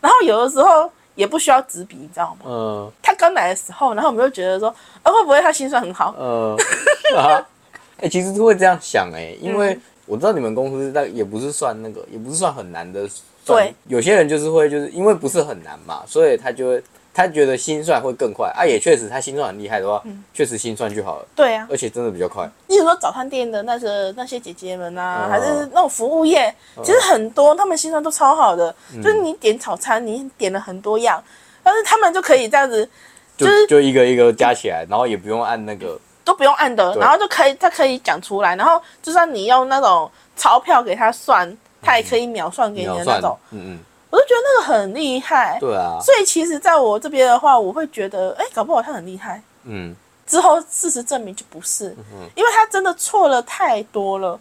然後有的時候也不需要紙筆，你知道嗎？嗯、呃。她剛來的時候，然後我們就覺得說，啊，會不會她心算很好？嗯。哎，其實是會這樣想哎、欸，因為我知道你們公司那也不是算那個，也不是算很難的，對，有些人就是會就是因為不是很難嘛，所以他就會。他覺得心算會更快啊，也確實，他心算很厲害的話，嗯、確實心算就好了。對啊，而且真的比較快。你比、嗯、如說早餐店的那些、個、那些姐姐們啊，嗯、還是那種服務業，嗯、其實很多他們心算都超好的，嗯、就是你點早餐，你點了很多樣，但是他們就可以這樣子，就是就，就一個一個加起來，嗯、然後也不用按那個，都不用按的，對然後就可以他可以講出來，然後就算你用那種鈔票給他算，他也可以秒算給你的那種，嗯嗯。我就覺得那個很厲害，對啊，所以其實在我這邊的話，我會覺得，哎、欸，搞不好他很厲害，嗯，之後事實證明就不是，嗯哼，因為他真的錯了太多了，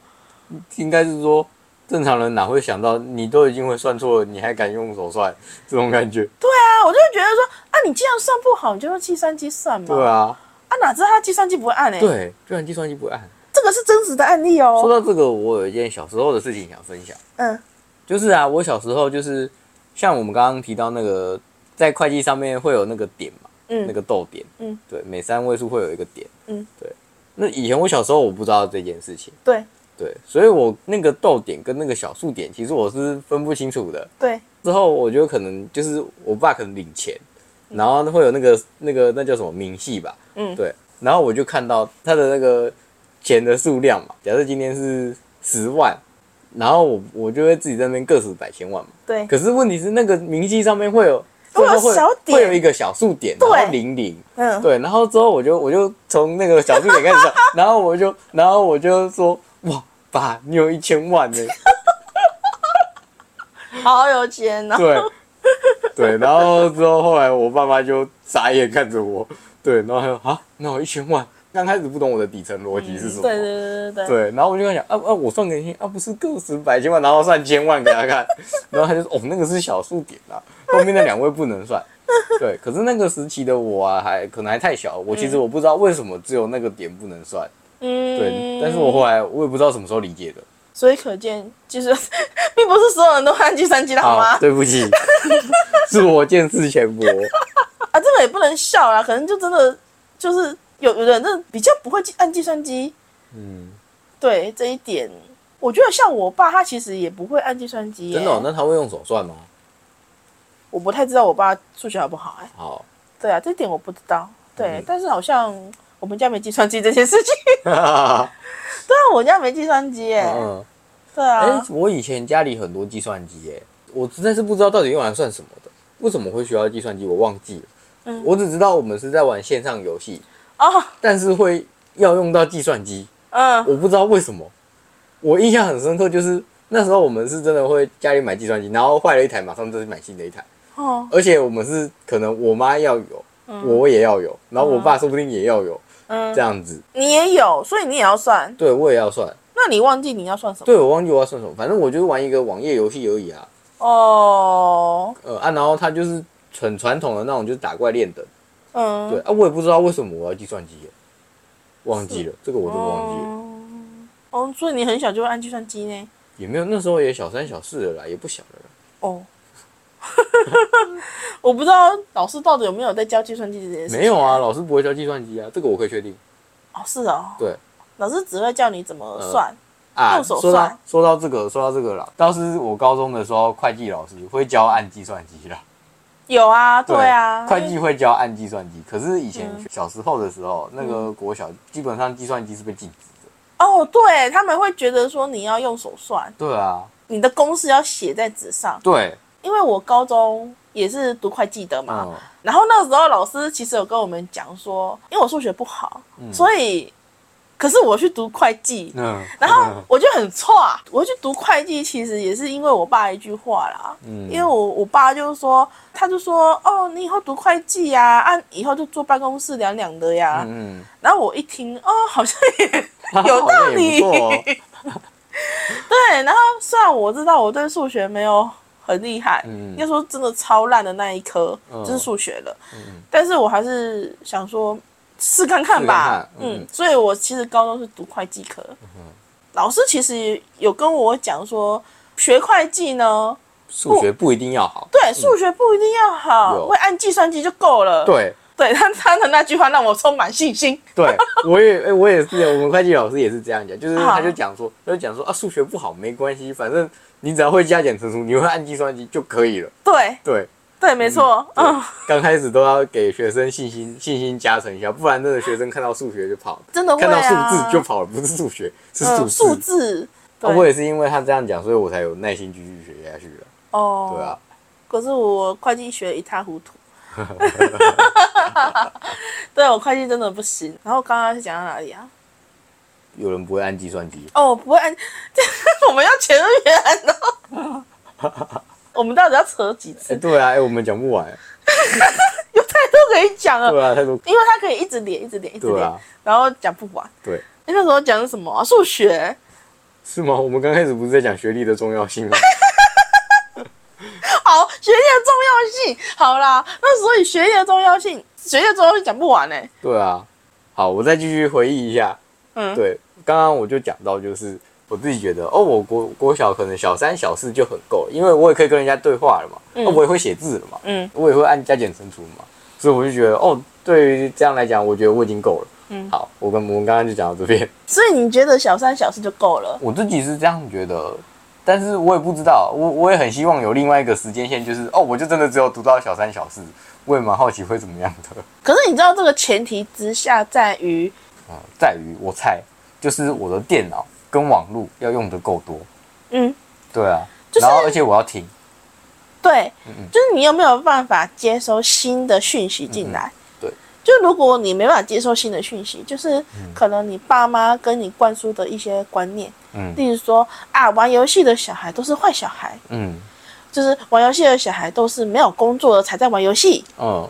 應該是說，正常人哪會想到你都已經會算錯了，你還敢用手算，這種感覺？對啊，我就會覺得說，啊，你既然算不好，你就用計算機算嘛，對啊，啊，哪知道他計算機不會按哎、欸，對，居然計算機不會按，這個是真實的案例哦、喔。說到這個，我有一件小時候的事情想分享，嗯。就是啊，我小時候就是像我們剛剛提到那個，在會計上面會有那個點嘛，嗯，那個逗點，嗯，對，每三位數會有一個點，嗯，對。那以前我小時候我不知道這件事情，對，對，所以我那個逗點跟那個小數點，其實我是分不清楚的，對。之後我就可能就是我爸可能領錢，然後會有那個、嗯、那個那叫什麼明細吧，嗯，對。然後我就看到他的那個錢的數量嘛，假設今天是十萬。然後我我就會自己在那邊個十百千萬嘛。對。可是問題是那個明細上面會有，說說會有小點，會有一個小數點，對然後零零。嗯、對，然後之後我就我就從那個小數點開始算， 然後我就然後我就說：“哇，爸，你有一千萬呢！”哈哈哈哈哈哈。好有錢呢、哦。對。對，然後之後後來我爸媽就傻眼看着我，對，然後他說：“啊，那有一千萬。”剛開始不懂我的底層邏輯是什麼，對對對對對，然後我就在想，啊啊，我算給你啊，不是個十百千萬，然後算千萬給他看， 然後他就說，哦，那個是小數點啊，後面那兩位不能算， 對，可是那個時期的我啊，還可能還太小，我其實我不知道為什麼只有那個點不能算，嗯，對，但是我後來我也不知道什麼時候理解的，所以可見，其實，就是，並不是所有人都看計算機的好嗎？好，對不起， 是我見識淺薄， 啊，這個也不能笑啊，可能就真的就是。有有的那比較不會按計算機，嗯，對這一點，我覺得像我爸他其實也不會按計算機，欸。真的，哦？那他會用手算嗎？我不太知道我爸數學好不好哎，欸。好。對啊，這一點我不知道。對，嗯，但是好像我們家沒計算機這件事情，嗯。 對啊，我家沒計算機哎，欸。嗯，嗯。對啊。哎，欸，我以前家裡很多計算機哎，欸，我實在是不知道到底用來算什麼的。為什麼會需要計算機？我忘記了。嗯。我只知道我們是在玩線上遊戲。哦，oh, 但是會要用到計算機。嗯，我不知道為什麼，我印象很深刻，就是那時候我們是真的會家裡買計算機，然後壞了一台，馬上就去買新的一台。哦，而且我們是可能我媽要有，嗯、我也要有，然後我爸說不定也要有。嗯，這樣子、嗯。你也有，所以你也要算。對，我也要算。那你忘記你要算什麼？對我忘記我要算什麼，反正我就是玩一個網頁遊戲而已啊。哦。呃啊，然後他就是很傳統的那種，就是打怪練的。嗯，對啊，我也不知道為什麼我要計算機，忘記了是這個，我都忘記了、嗯。哦，所以你很小就會按計算機呢？也沒有，那時候也小三小四的啦，也不小了啦。哦，呵呵呵 我不知道老師到底有沒有在教計算機這件事。沒有啊，老師不會教計算機啊，這個我可以確定。哦，是的、哦。對。老師只會教你怎麼算，嗯、啊、用手算說到。說到這個，說到這個了。當時我高中的時候，會計老師會教按計算機啦。有啊，對，對啊，會計會教按計算機，嗯、可是以前小時候的時候，嗯、那個國小基本上計算機是被禁止的。哦，對，他們會覺得說你要用手算。對啊。你的公式要寫在紙上。對。因為我高中也是讀會計的嘛，嗯、然後那時候老師其實有跟我們講說，因為我數學不好，嗯、所以。可是我去讀會計，嗯、然後我就很錯、啊。嗯、我去讀會計，其實也是因為我爸一句話啦。嗯、因為我我爸就是說，他就說：“哦，你以後讀會計呀、啊，按、啊、以後就坐辦公室涼涼的呀。嗯”然後我一聽，哦，好像也有道理。哦、 對，然後雖然我知道我對數學沒有很厲害，應該、嗯、說真的超爛的那一科，嗯、就是數學了。嗯、但是我還是想說。試看看吧看看，嗯，嗯，所以我其實高中是讀會計課，嗯哼，老師其實有跟我講說，學會計呢，數學不一定要好，對，嗯、數學不一定要好，會有按計算機就夠了，對，對，他他的那句話讓我充滿信心，對， 我也，哎，我也是，我們會計老師也是這樣講，就是他就講說，他就講說啊，數學不好沒關係，反正你只要會加減乘除，你會按計算機就可以了，對，對。對，沒錯。嗯、剛開始都要給學生信心， 信心加成一下，不然這個學生看到數學就跑，真的會、啊、看到數字就跑了，不是數學是數字。嗯，數字啊、不會是因為他這樣講，所以我才有耐心繼續學下去了。哦，對啊。可是我會計學一塌糊塗。 對，我會計真的不行。然後剛剛是講到哪裡啊？有人不會按計算機。哦，不會按， 我們要全員都、哦。哈哈！哈哈！我們到底要扯幾次？欸、對啊，哎、欸，我們講不完， 有太多可以講了。對啊，太多，因為他可以一直連，一直連，啊、一直連，然後講不完。對，哎，那時候講的什麼？數學？是嗎？我們剛開始不是在講學歷的重要性嗎？ 好，學歷的重要性，好啦，那所以學歷的重要性，學歷的重要性講不完哎。對啊，好，我再繼續回憶一下。嗯，對，剛剛我就講到就是。我自己覺得哦，我國國小可能小三小四就很夠了，因為我也可以跟人家對話了嘛，那、嗯哦、我也會寫字了嘛，嗯，我也會按加減乘除嘛，所以我就覺得哦，對於這樣來講，我覺得我已經夠了。嗯，好，我跟我們剛剛就講到這邊，所以你覺得小三小四就夠了？我自己是這樣覺得，但是我也不知道，我我也很希望有另外一個時間線，就是哦，我就真的只有讀到小三小四，我也蠻好奇會怎麼樣的。可是你知道這個前提之下在於，呃，在於我猜就是我的電腦。跟網絡要用的夠多，嗯，對啊，就是、然後而且我要聽，對，嗯嗯，就是你有沒有辦法接收新的訊息進來嗯嗯。對，就如果你沒辦法接收新的訊息，就是可能你爸媽跟你灌輸的一些觀念，嗯，例如說啊，玩遊戲的小孩都是壞小孩，嗯，就是玩遊戲的小孩都是沒有工作的才在玩遊戲，嗯。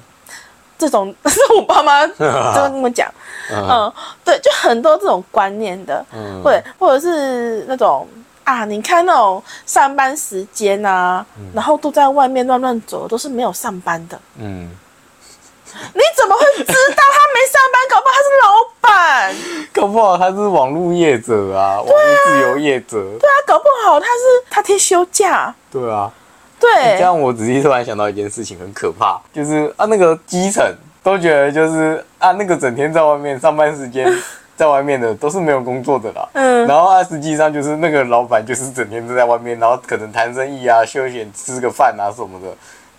這種，但是我爸媽 就是那麼講，嗯、呃，對，就很多這種觀念的，嗯，對，或者是那種啊，你看那種上班時間啊，嗯、然後都在外面亂亂走，都是沒有上班的，嗯，你怎麼會知道他沒上班？ 搞不好他是老闆，搞不好他是網絡業者啊，對啊、網路自由業者，對啊，搞不好他是他天休假，對啊。對，這樣我仔細突然想到一件事情，很可怕，就是啊，那個基層都覺得就是啊，那個整天在外面上班時間在外面的都是沒有工作的啦。嗯，然後啊，實際上就是那個老闆就是整天都在外面，然後可能談生意啊、休閒吃個飯啊什麼的，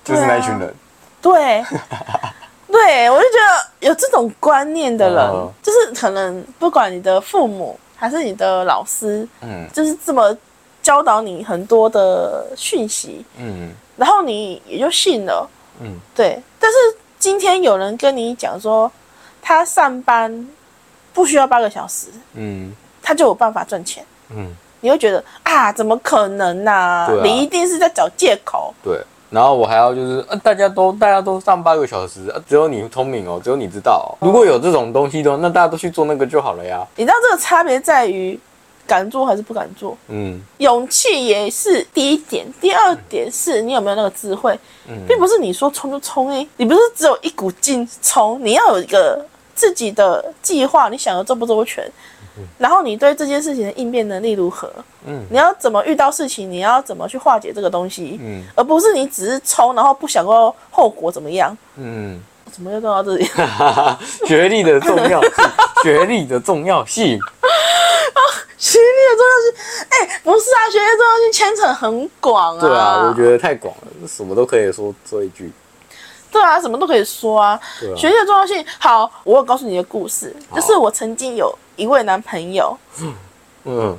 就是那一群人。對啊。對， 對，我就覺得有這種觀念的人，就是可能不管你的父母還是你的老師，嗯，就是這麼。教導你很多的訊息，嗯，然後你也就信了，嗯，對。但是今天有人跟你講說，他上班不需要八個小時，嗯，他就有辦法賺錢，嗯，你會覺得啊，怎麼可能呢？啊？啊、你一定是在找借口。對，然後我還要就是，呃、大家都大家都上八個小時，呃，只有你聰明哦，只有你知道，哦。如果有這種東西的話，那大家都去做那個就好了呀。你知道這個差別在於，敢做還是不敢做？嗯，勇氣也是第一點，第二點是你有沒有那個智慧？嗯、並不是你說衝就衝誒、欸，你不是只有一股勁衝，你要有一個自己的計劃，你想的周不周全？嗯、然後你對這件事情的應變能力如何？嗯，你要怎麼遇到事情？你要怎麼去化解這個東西？嗯，而不是你只是衝，然後不想過後果怎麼樣？嗯，怎麼又做到這裡？哈哈 學歷的重要性， 學歷的重要性。學歷的重要性，哎、欸，不是啊，學歷的重要性牽扯很廣啊。對啊，我覺得太廣了，什麼都可以說這一句。對啊，什麼都可以說啊。啊學歷的重要性，好，我有告訴你一個故事，好就是我曾經有一位男朋友，嗯，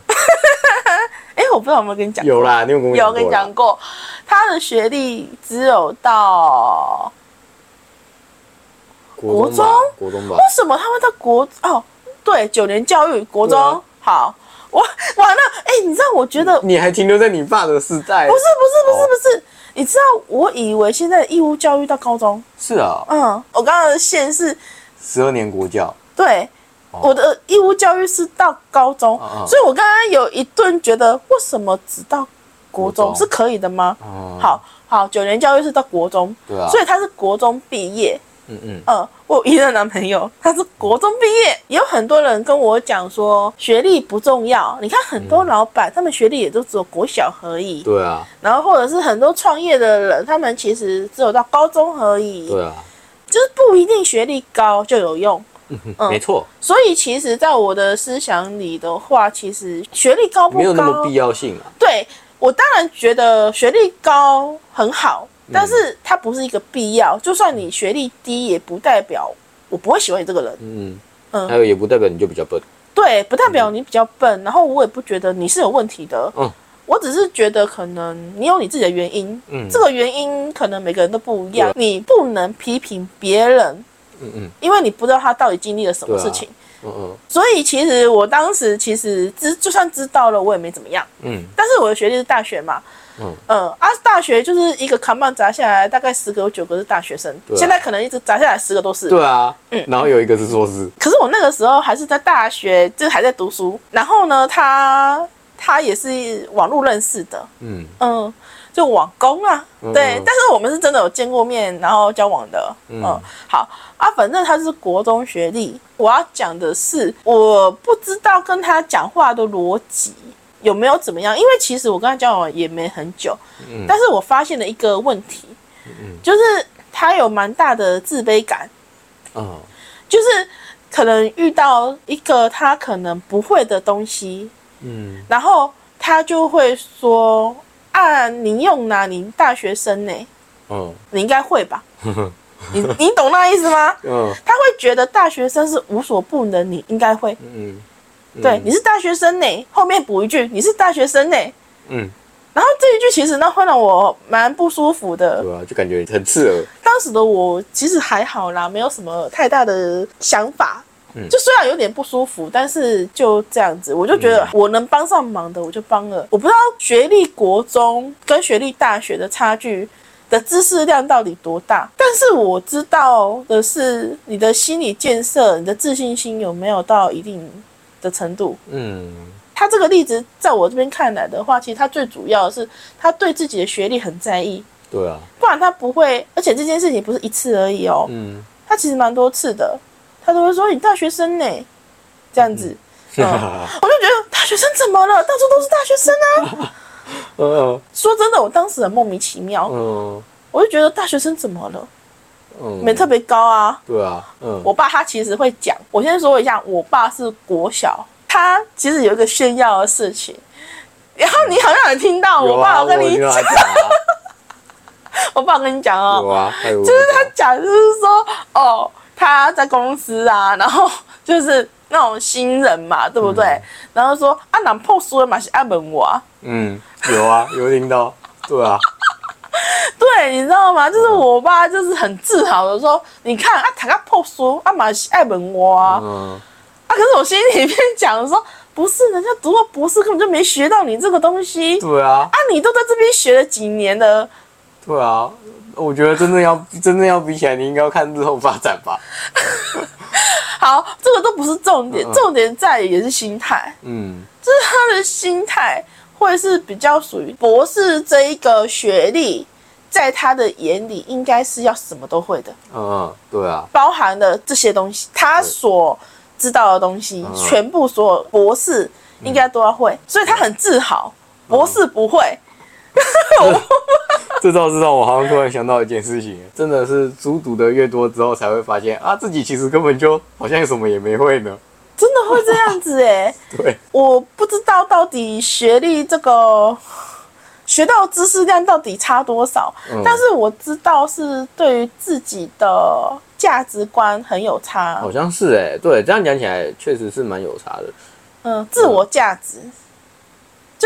哎、 欸，我不知道有沒有跟你講，有啦，你跟我有跟你講過，他的學歷只有到國中，國中吧？中吧為什麼他會在國？哦，對，九年教育，國中，啊、好。我完了！哎，你知道，我覺得你還停留在你爸的時代。不是不是不是不是，你知道，我以為現在義務教育到高中。是啊。嗯，我剛剛的線是十二年國教。對，我的義務教育是到高中，所以，我剛剛有一頓覺得，為什麼只到國中是可以的嗎？好好，九年教育是到國中，對啊，所以他是國中畢業。嗯嗯。嗯。我一任男朋友，他是國中畢業。有很多人跟我講說，學歷不重要。你看很多老闆，嗯、他們學歷也都只有國小而已。對啊。然後或者是很多創業的人，他們其實只有到高中而已。對啊。就是不一定學歷高就有用。嗯，嗯沒錯。所以其實，在我的思想裡的話，其實學歷高不高沒有那麼必要性啊。對，我當然覺得學歷高很好。但是它不是一個必要，就算你學歷低，也不代表我不會喜歡你這個人。嗯嗯，還有、嗯、也不代表你就比較笨。對，不代表你比較笨，嗯、然後我也不覺得你是有問題的。嗯、哦，我只是覺得可能你有你自己的原因。嗯，這個原因可能每個人都不一樣，對你不能批評別人。嗯嗯，因為你不知道他到底經歷了什麼事情。嗯嗯，所以其實我當時其實知就算知道了，我也沒怎麼樣。嗯，但是我的學歷是大學嘛，嗯嗯，啊，大學就是一個扛棒砸下來，大概十個有九個是大學生，對啊，現在可能一直砸下來十個都是。對啊，嗯，然後有一個是碩士，嗯。可是我那個時候還是在大學，就還在讀書。然後呢，他他也是網絡認識的，嗯嗯。就網工啊，嗯、對，嗯、但是我們是真的有見過面，然後交往的，嗯，嗯，好啊，反正他是國中學歷。我要講的是，我不知道跟他講話的邏輯有沒有怎麼樣，因為其實我跟他交往也沒很久，嗯，但是我發現了一個問題，嗯嗯，嗯就是他有蠻大的自卑感，嗯，就是可能遇到一個他可能不會的東西，嗯，然後他就會說。啊，您用呢？您大學生呢？嗯，oh. 你應該會吧？ 你你懂那意思嗎？嗯，oh. 他會覺得大學生是無所不能，你應該會。嗯，嗯，對，你是大學生呢，後面補一句你是大學生呢。嗯，然後這一句其實呢，會讓我蠻不舒服的，對啊，就感覺很刺耳。當時的我其實還好啦，沒有什麼太大的想法。就雖然有點不舒服，但是就這樣子，我就覺得我能幫上忙的，嗯、我就幫了。我不知道學歷國中跟學歷大學的差距的知識量到底多大，但是我知道的是你的心理建設，你的自信心有沒有到一定的程度。嗯，他這個例子在我這邊看來的話，其實他最主要的是他對自己的學歷很在意。對啊，不然他不會。而且這件事情不是一次而已哦，喔，嗯，他其實蠻多次的。他都會說你大學生呢、欸，這樣子、嗯，我就覺得大學生怎麼了？到處都是大學生啊，說真的，我當時很莫名其妙，嗯，我就覺得大學生怎麼了？嗯，沒特別高啊，對啊，嗯，我爸他其實會講，我先說一下，我爸是國小，他其實有一個炫耀的事情，然後你好像也聽到我爸我跟你講、啊，我爸跟你講哦，有啊， 喔、就是他講就是說哦、喔。他在公司啊，然後就是那種新人嘛，對不對？嗯、然後說啊，那破書嘛是愛問我啊。嗯，有啊，有聽到， 對啊，對，你知道嗎？就是我爸就是很自豪的說，嗯、你看啊，他家破書啊，嘛是愛問我啊。嗯，啊，可是我心裡面講的說，不是人家讀過博士，根本就沒學到你這個東西，對啊，啊，你都在這邊學了幾年了。對啊。我覺得真正要真正要比起來，你應該要看日後發展吧。 好，這個都不是重點，嗯、重點在於也是心態。嗯，就是他的心態會是比較屬於博士這一個學歷，在他的眼裡應該是要什麼都會的。嗯，嗯，對啊，包含了這些東西，他所知道的東西，嗯、全部所有博士應該都要會，嗯、所以他很自豪，博士不會。嗯 這倒是讓我好像突然想到一件事情，真的是書讀的越多之後，才會發現啊，自己其實根本就好像什麼也沒會呢。真的會這樣子哎、啊？對，我不知道到底學歷這個學到知識量到底差多少，嗯、但是我知道是對於自己的價值觀很有差。好像是哎，對，這樣講起來確實是蠻有差的。嗯，自我價值。嗯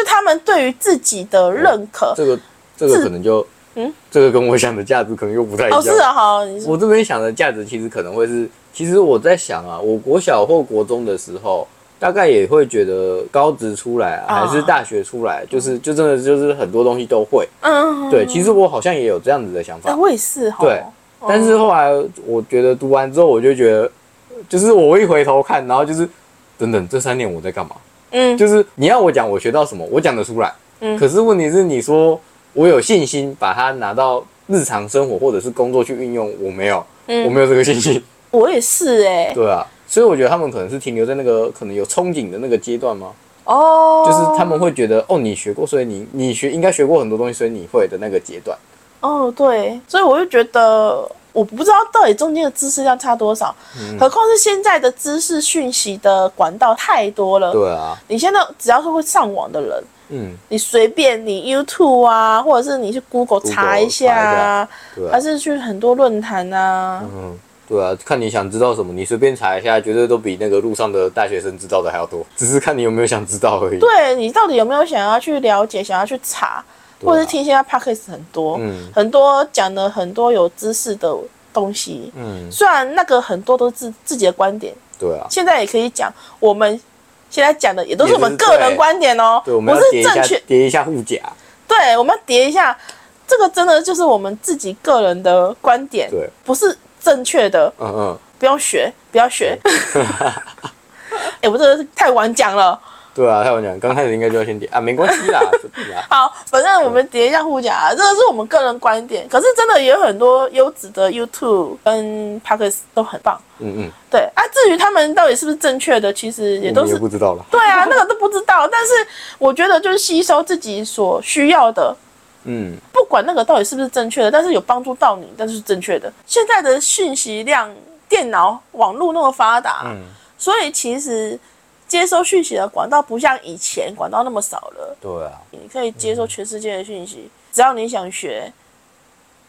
就他們對於自己的認可，嗯、這個這個可能就嗯，這個跟我想的價值可能又不太一樣。哦、是哈、哦，我這邊想的價值其實可能會是，其實我在想啊，我國小或國中的時候，大概也會覺得高職出來還是大學出來，啊、就是就真的就是很多東西都會。嗯，對，其實我好像也有這樣子的想法，欸、我也是哈、哦。對，但是後來我覺得讀完之後，我就覺得，嗯、就是我一回頭看，然後就是等等這三年我在幹嘛。嗯，就是你要我講，我學到什麼，我講得出來。嗯，可是問題是，你說我有信心把它拿到日常生活或者是工作去運用，我沒有，嗯、我沒有這個信心。我也是哎、欸。對啊，所以我覺得他們可能是停留在那個可能有憧憬的那個階段嗎？哦，就是他們會覺得，哦，你學過，所以你你學應該學過很多東西，所以你會的那個階段。哦，對，所以我就覺得。我不知道到底中間的知識量差多少，嗯，何況是現在的知識訊息的管道太多了。對啊，你現在只要是會上網的人，嗯，你隨便你 YouTube 啊，或者是你去 Google 查一下啊，還是去很多論壇啊。嗯，對啊，看你想知道什麼，你隨便查一下，絕對都比那個路上的大學生知道的還要多，只是看你有沒有想知道而已。對，你到底有沒有想要去了解，想要去查？或者是聽現在 podcast 很多，嗯，很多講的很多有知識的東西，嗯，雖然那個很多都是自自己的觀點，對啊，現在也可以講，我們現在講的也都是我們個人觀點哦，對，我們疊一下，疊一下真假，對，我們疊一下，這個真的就是我們自己個人的觀點，對，不是正確的，嗯嗯，不用學，不要學，也不真的是太晚講了。對啊，太晚講，剛開始應該就要先疊啊，沒關係啦，是不是啊？ 好，反正我們疊一下護甲，這個對是我們個人觀點，可是真的也有很多優質的 YouTube 跟 Podcaster 都很棒。嗯嗯。對啊，至於他們到底是不是正確的，其實也都是也不知道了。對啊，那個都不知道， 但是我覺得就是吸收自己所需要的。嗯。不管那個到底是不是正確的，但是有幫助到你，但是，是正確的。現在的信息量，電腦、網絡那麼發達，嗯、所以其實。接收訊息的管道不像以前管道那麼少了。對啊，你可以接收全世界的訊息，嗯，只要你想學，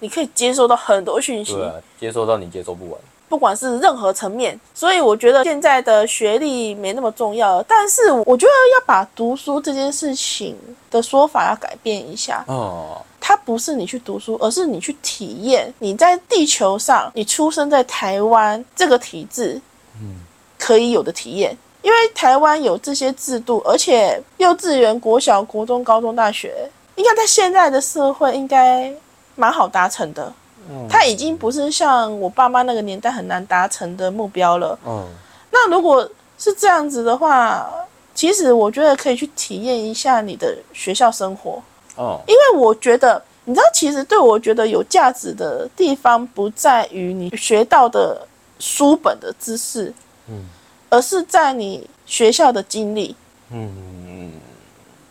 你可以接收到很多訊息，啊，接收到你接收不完。不管是任何層面，所以我覺得現在的學歷沒那麼重要。但是我覺得要把讀書這件事情的說法要改變一下。哦，它不是你去讀書，而是你去體驗你在地球上，你出生在台灣這個體制，嗯，可以有的體驗。因為台灣有這些制度，而且幼稚園、國小、國中、高中、大學，應該在現在的社會應該蠻好達成的。嗯，它已經不是像我爸媽那個年代很難達成的目標了。嗯，那如果是這樣子的話，其實我覺得可以去體驗一下你的學校生活。嗯，因為我覺得，你知道，其實對我覺得有價值的地方，不在於你學到的書本的知識。嗯。而是在你學校的經歷，嗯，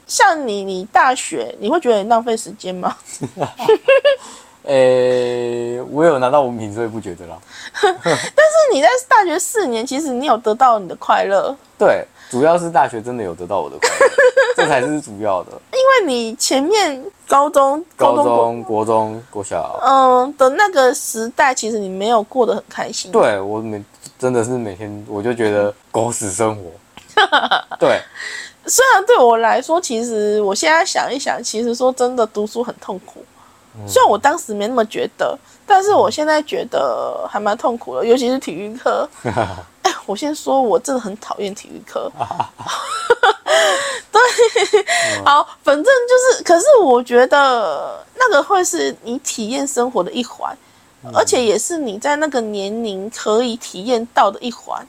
像你，你大學你會覺得浪費時間嗎？誒、 欸，我有拿到文憑，所以不覺得啦。 但是你在大學四年，其實你有得到你的快樂，對。主要是大學真的有得到我的快樂， 這才是主要的。因為你前面高中、高中、高中、國中、國小，嗯，的那個時代，其實你沒有過得很開心。對我每真的是每天，我就覺得狗屎生活。 對，雖然對我來說，其實我現在想一想，其實說真的，讀書很痛苦。雖然我當時沒那麼覺得，但是我現在覺得還蠻痛苦的，尤其是體育課 欸。我先說，我真的很討厭體育課。 對，好，反正就是，可是我覺得那個會是你體驗生活的一環，嗯、而且也是你在那個年齡可以體驗到的一環。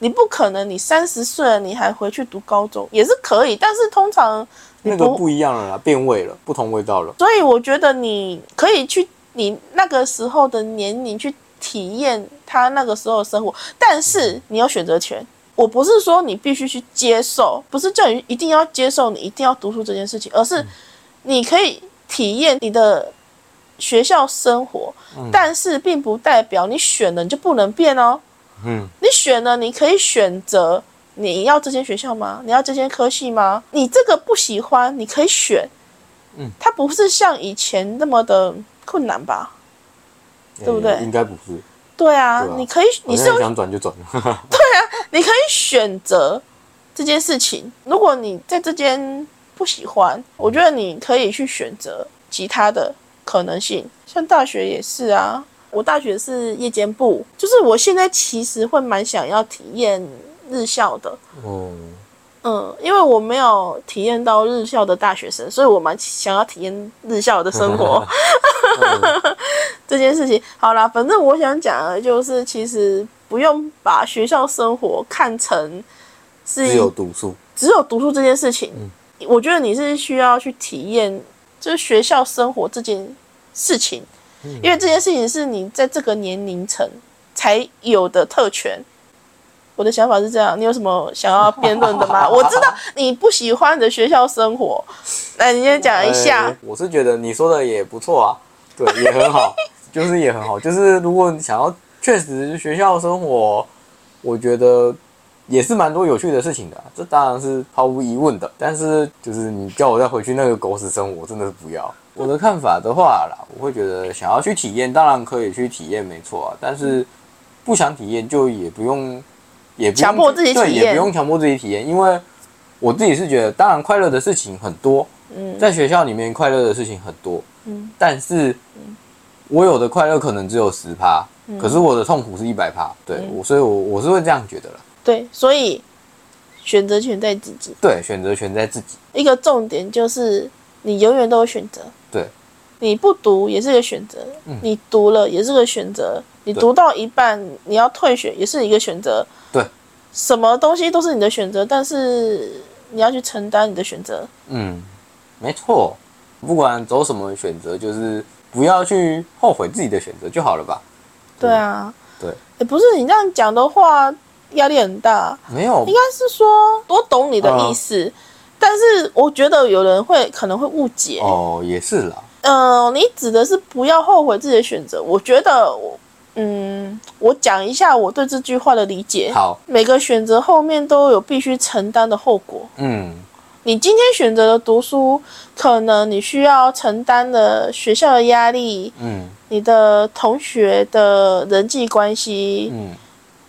你不可能，你三十歲了你還回去讀高中也是可以，但是通常。那個不一樣了啦，不變味了，不同味道了。所以我覺得你可以去你那個時候的年齡去體驗他那個時候的生活，但是你有選擇權。嗯、我不是說你必須去接受，不是叫你一定要接受，你一定要讀書這件事情，而是你可以體驗你的學校生活。嗯、但是並不代表你選了你就不能變哦。嗯，你選了，你可以選擇。你要這間學校嗎？你要這間科系嗎？你這個不喜歡，你可以選。嗯，它不是像以前那麼的困難吧？欸、對不對？應該不是。對啊，對啊，你可以，好像你是想轉就轉。 對啊，你可以選擇這件事情。如果你在這間不喜歡，我覺得你可以去選擇其他的可能性。像大學也是啊，我大學是夜間部，就是我現在其實會蠻想要體驗。日校的、oh. 嗯，因為我沒有體驗到日校的大學生，所以我蠻想要體驗日校的生活這件事情。好啦，反正我想講的就是，其實不用把學校生活看成是只有讀書，只有讀書這件事情。我覺得你是需要去體驗，就是學校生活這件事情，嗯、因為這件事情是你在這個年齡層才有的特權。我的想法是這樣，你有什麼想要辯論的嗎？ 我知道你不喜歡的學校生活，來，你先講一下。呃，我是覺得你說的也不錯啊，對，也很好， 就是也很好。就是如果你想要確實學校生活，我覺得也是蠻多有趣的事情的，這當然是毫無疑問的。但是就是你叫我再回去那個狗屎生活，我真的是不要。我的看法的話啦，我會覺得想要去體驗，當然可以去體驗，沒錯啊。但是不想體驗，就也不用。也不強迫自己體驗，對，也不用強迫自己體驗，因為我自己是覺得，當然快樂的事情很多，嗯，在學校裡面快樂的事情很多，嗯，但是，我有的快樂可能只有十趴，嗯，可是我的痛苦是一百趴，對，嗯，所以我我是會這樣覺得了，對，所以選擇權在自己，對，選擇權在自己，一個重點就是你永遠都有選擇，對。你不讀也是一個選擇，嗯、你讀了也是個選擇，對你讀到一半你要退選也是一個選擇，對，什麼東西都是你的選擇，但是你要去承擔你的選擇。嗯，沒錯，不管走什麼選擇，就是不要去後悔自己的選擇就好了吧？是吧？對啊，對，也不是你這樣講的話壓力很大，沒有，應該是說我懂你的意思，呃、但是我覺得有人會可能會誤解。哦，也是啦。呃，你指的是不要後悔自己的選擇。我覺得，嗯，我講一下我對這句話的理解。好，每個選擇後面都有必須承擔的後果。嗯，你今天選擇了讀書，可能你需要承擔的學校的壓力，嗯，你的同學的人際關係，嗯，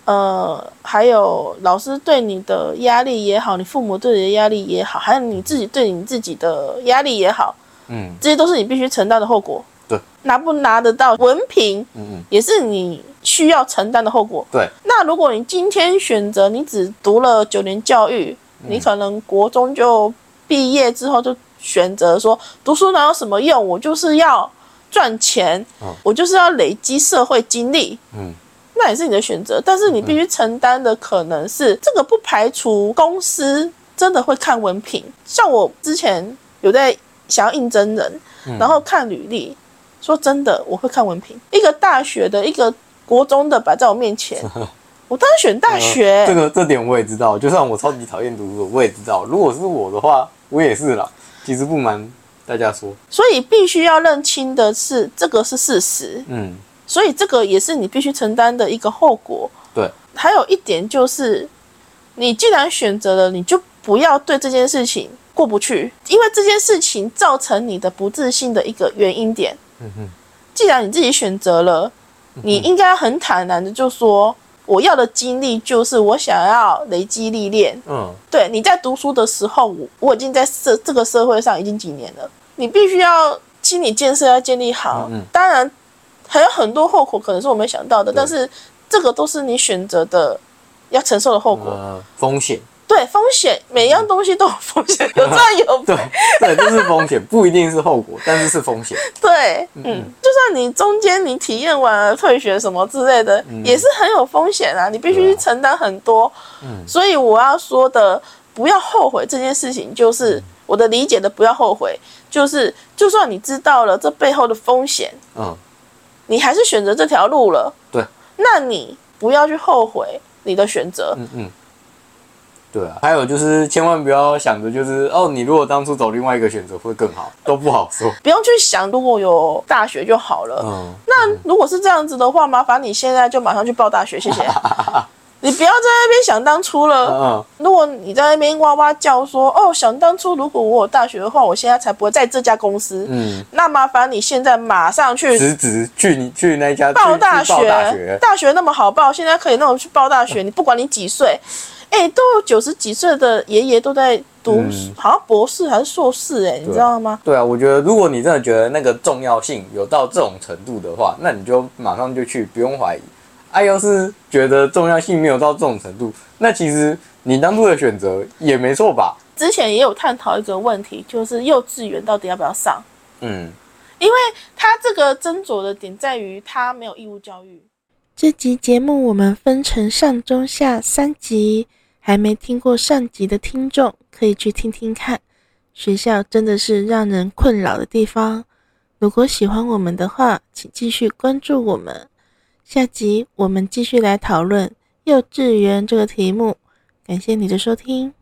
呃，還有老師對你的壓力也好，你父母對你的壓力也好，還有你自己對你自己的壓力也好。嗯，這些都是你必須承擔的後果。對，拿不拿得到文憑，嗯，也是你需要承擔的後果。對，那如果你今天選擇你只讀了九年教育，你可能國中就畢業之後就選擇說，讀書能有什麼用，我就是要賺錢，我就是要累積社會經歷。嗯，嗯，那也是你的選擇，但是你必須承擔的可能是這個，不排除公司真的會看文憑。像我之前有在。想要應徵人，嗯、然後看履歷。說真的，我會看文憑，一個大學的，一個國中的擺在我面前，呵呵我當然選大學。呃、這個這點我也知道，就算我超級討厭讀書，我也知道，如果是我的話，我也是啦。其實不瞞大家說，所以必須要認清的是，這個是事實。嗯，所以這個也是你必須承擔的一個後果。對，還有一點就是，你既然選擇了，你就不要對這件事情過不去，因為這件事情造成你的不自信的一個原因點。嗯、哼既然你自己選擇了，你應該很坦然的就說，嗯、哼我要的經歷就是我想要累積歷練。嗯，對，你在讀書的時候，我我已經在社這個社會上已經幾年了，你必須要心理建設要建立好。嗯、嗯，當然還有很多後果可能是我沒想到的，對但是這個都是你選擇的，要承受的後果、嗯、風險。對，風險，每一樣東西都有風險，有賺有賠，對，就是風險，不一定是後果，但是是風險。對，嗯，就算你中間你體驗完了退學什麼之類的，也是很有風險啊，你必須承擔很多。所以我要說的，不要後悔這件事情，就是我的理解的，不要後悔，就是就算你知道了這背後的風險，嗯，你還是選擇這條路了，對，那你不要去後悔你的選擇。嗯嗯。對啊，還有就是千萬不要想着就是哦，你如果當初走另外一個選擇會更好，都不好說。不用去想如果有大學就好了。嗯，那如果是這樣子的話，麻煩你現在就馬上去報大學，謝謝。 你不要在那邊想當初了。嗯，嗯，如果你在那邊哇哇叫說哦，想當初如果我有大學的話，我現在才不會在這家公司。嗯，那麻煩你現在馬上去辭職，去你去那家報大學，大學，大學那麼好報，現在可以那種去報大學，你不管你幾歲。 哎、欸，都有九十幾歲的爺爺都在讀，嗯、好像博士還是碩士、欸，哎對，你知道嗎？對啊，我覺得如果你真的覺得那個重要性有到這種程度的話，那你就馬上就去，不用懷疑。哎、啊，要是覺得重要性沒有到這種程度，那其實你當初的選擇也沒錯吧？之前也有探討一個問題，就是幼稚園到底要不要上？嗯，因為他這個斟酌的點在於，他沒有義務教育。這集節目我們分成上、中、下三集。還沒聽過上集的聽眾可以去聽聽看，學校真的是讓人困擾的地方。如果喜歡我們的話，請繼續關注我們。下集我們繼續來討論幼稚園這個題目。感謝你的收聽。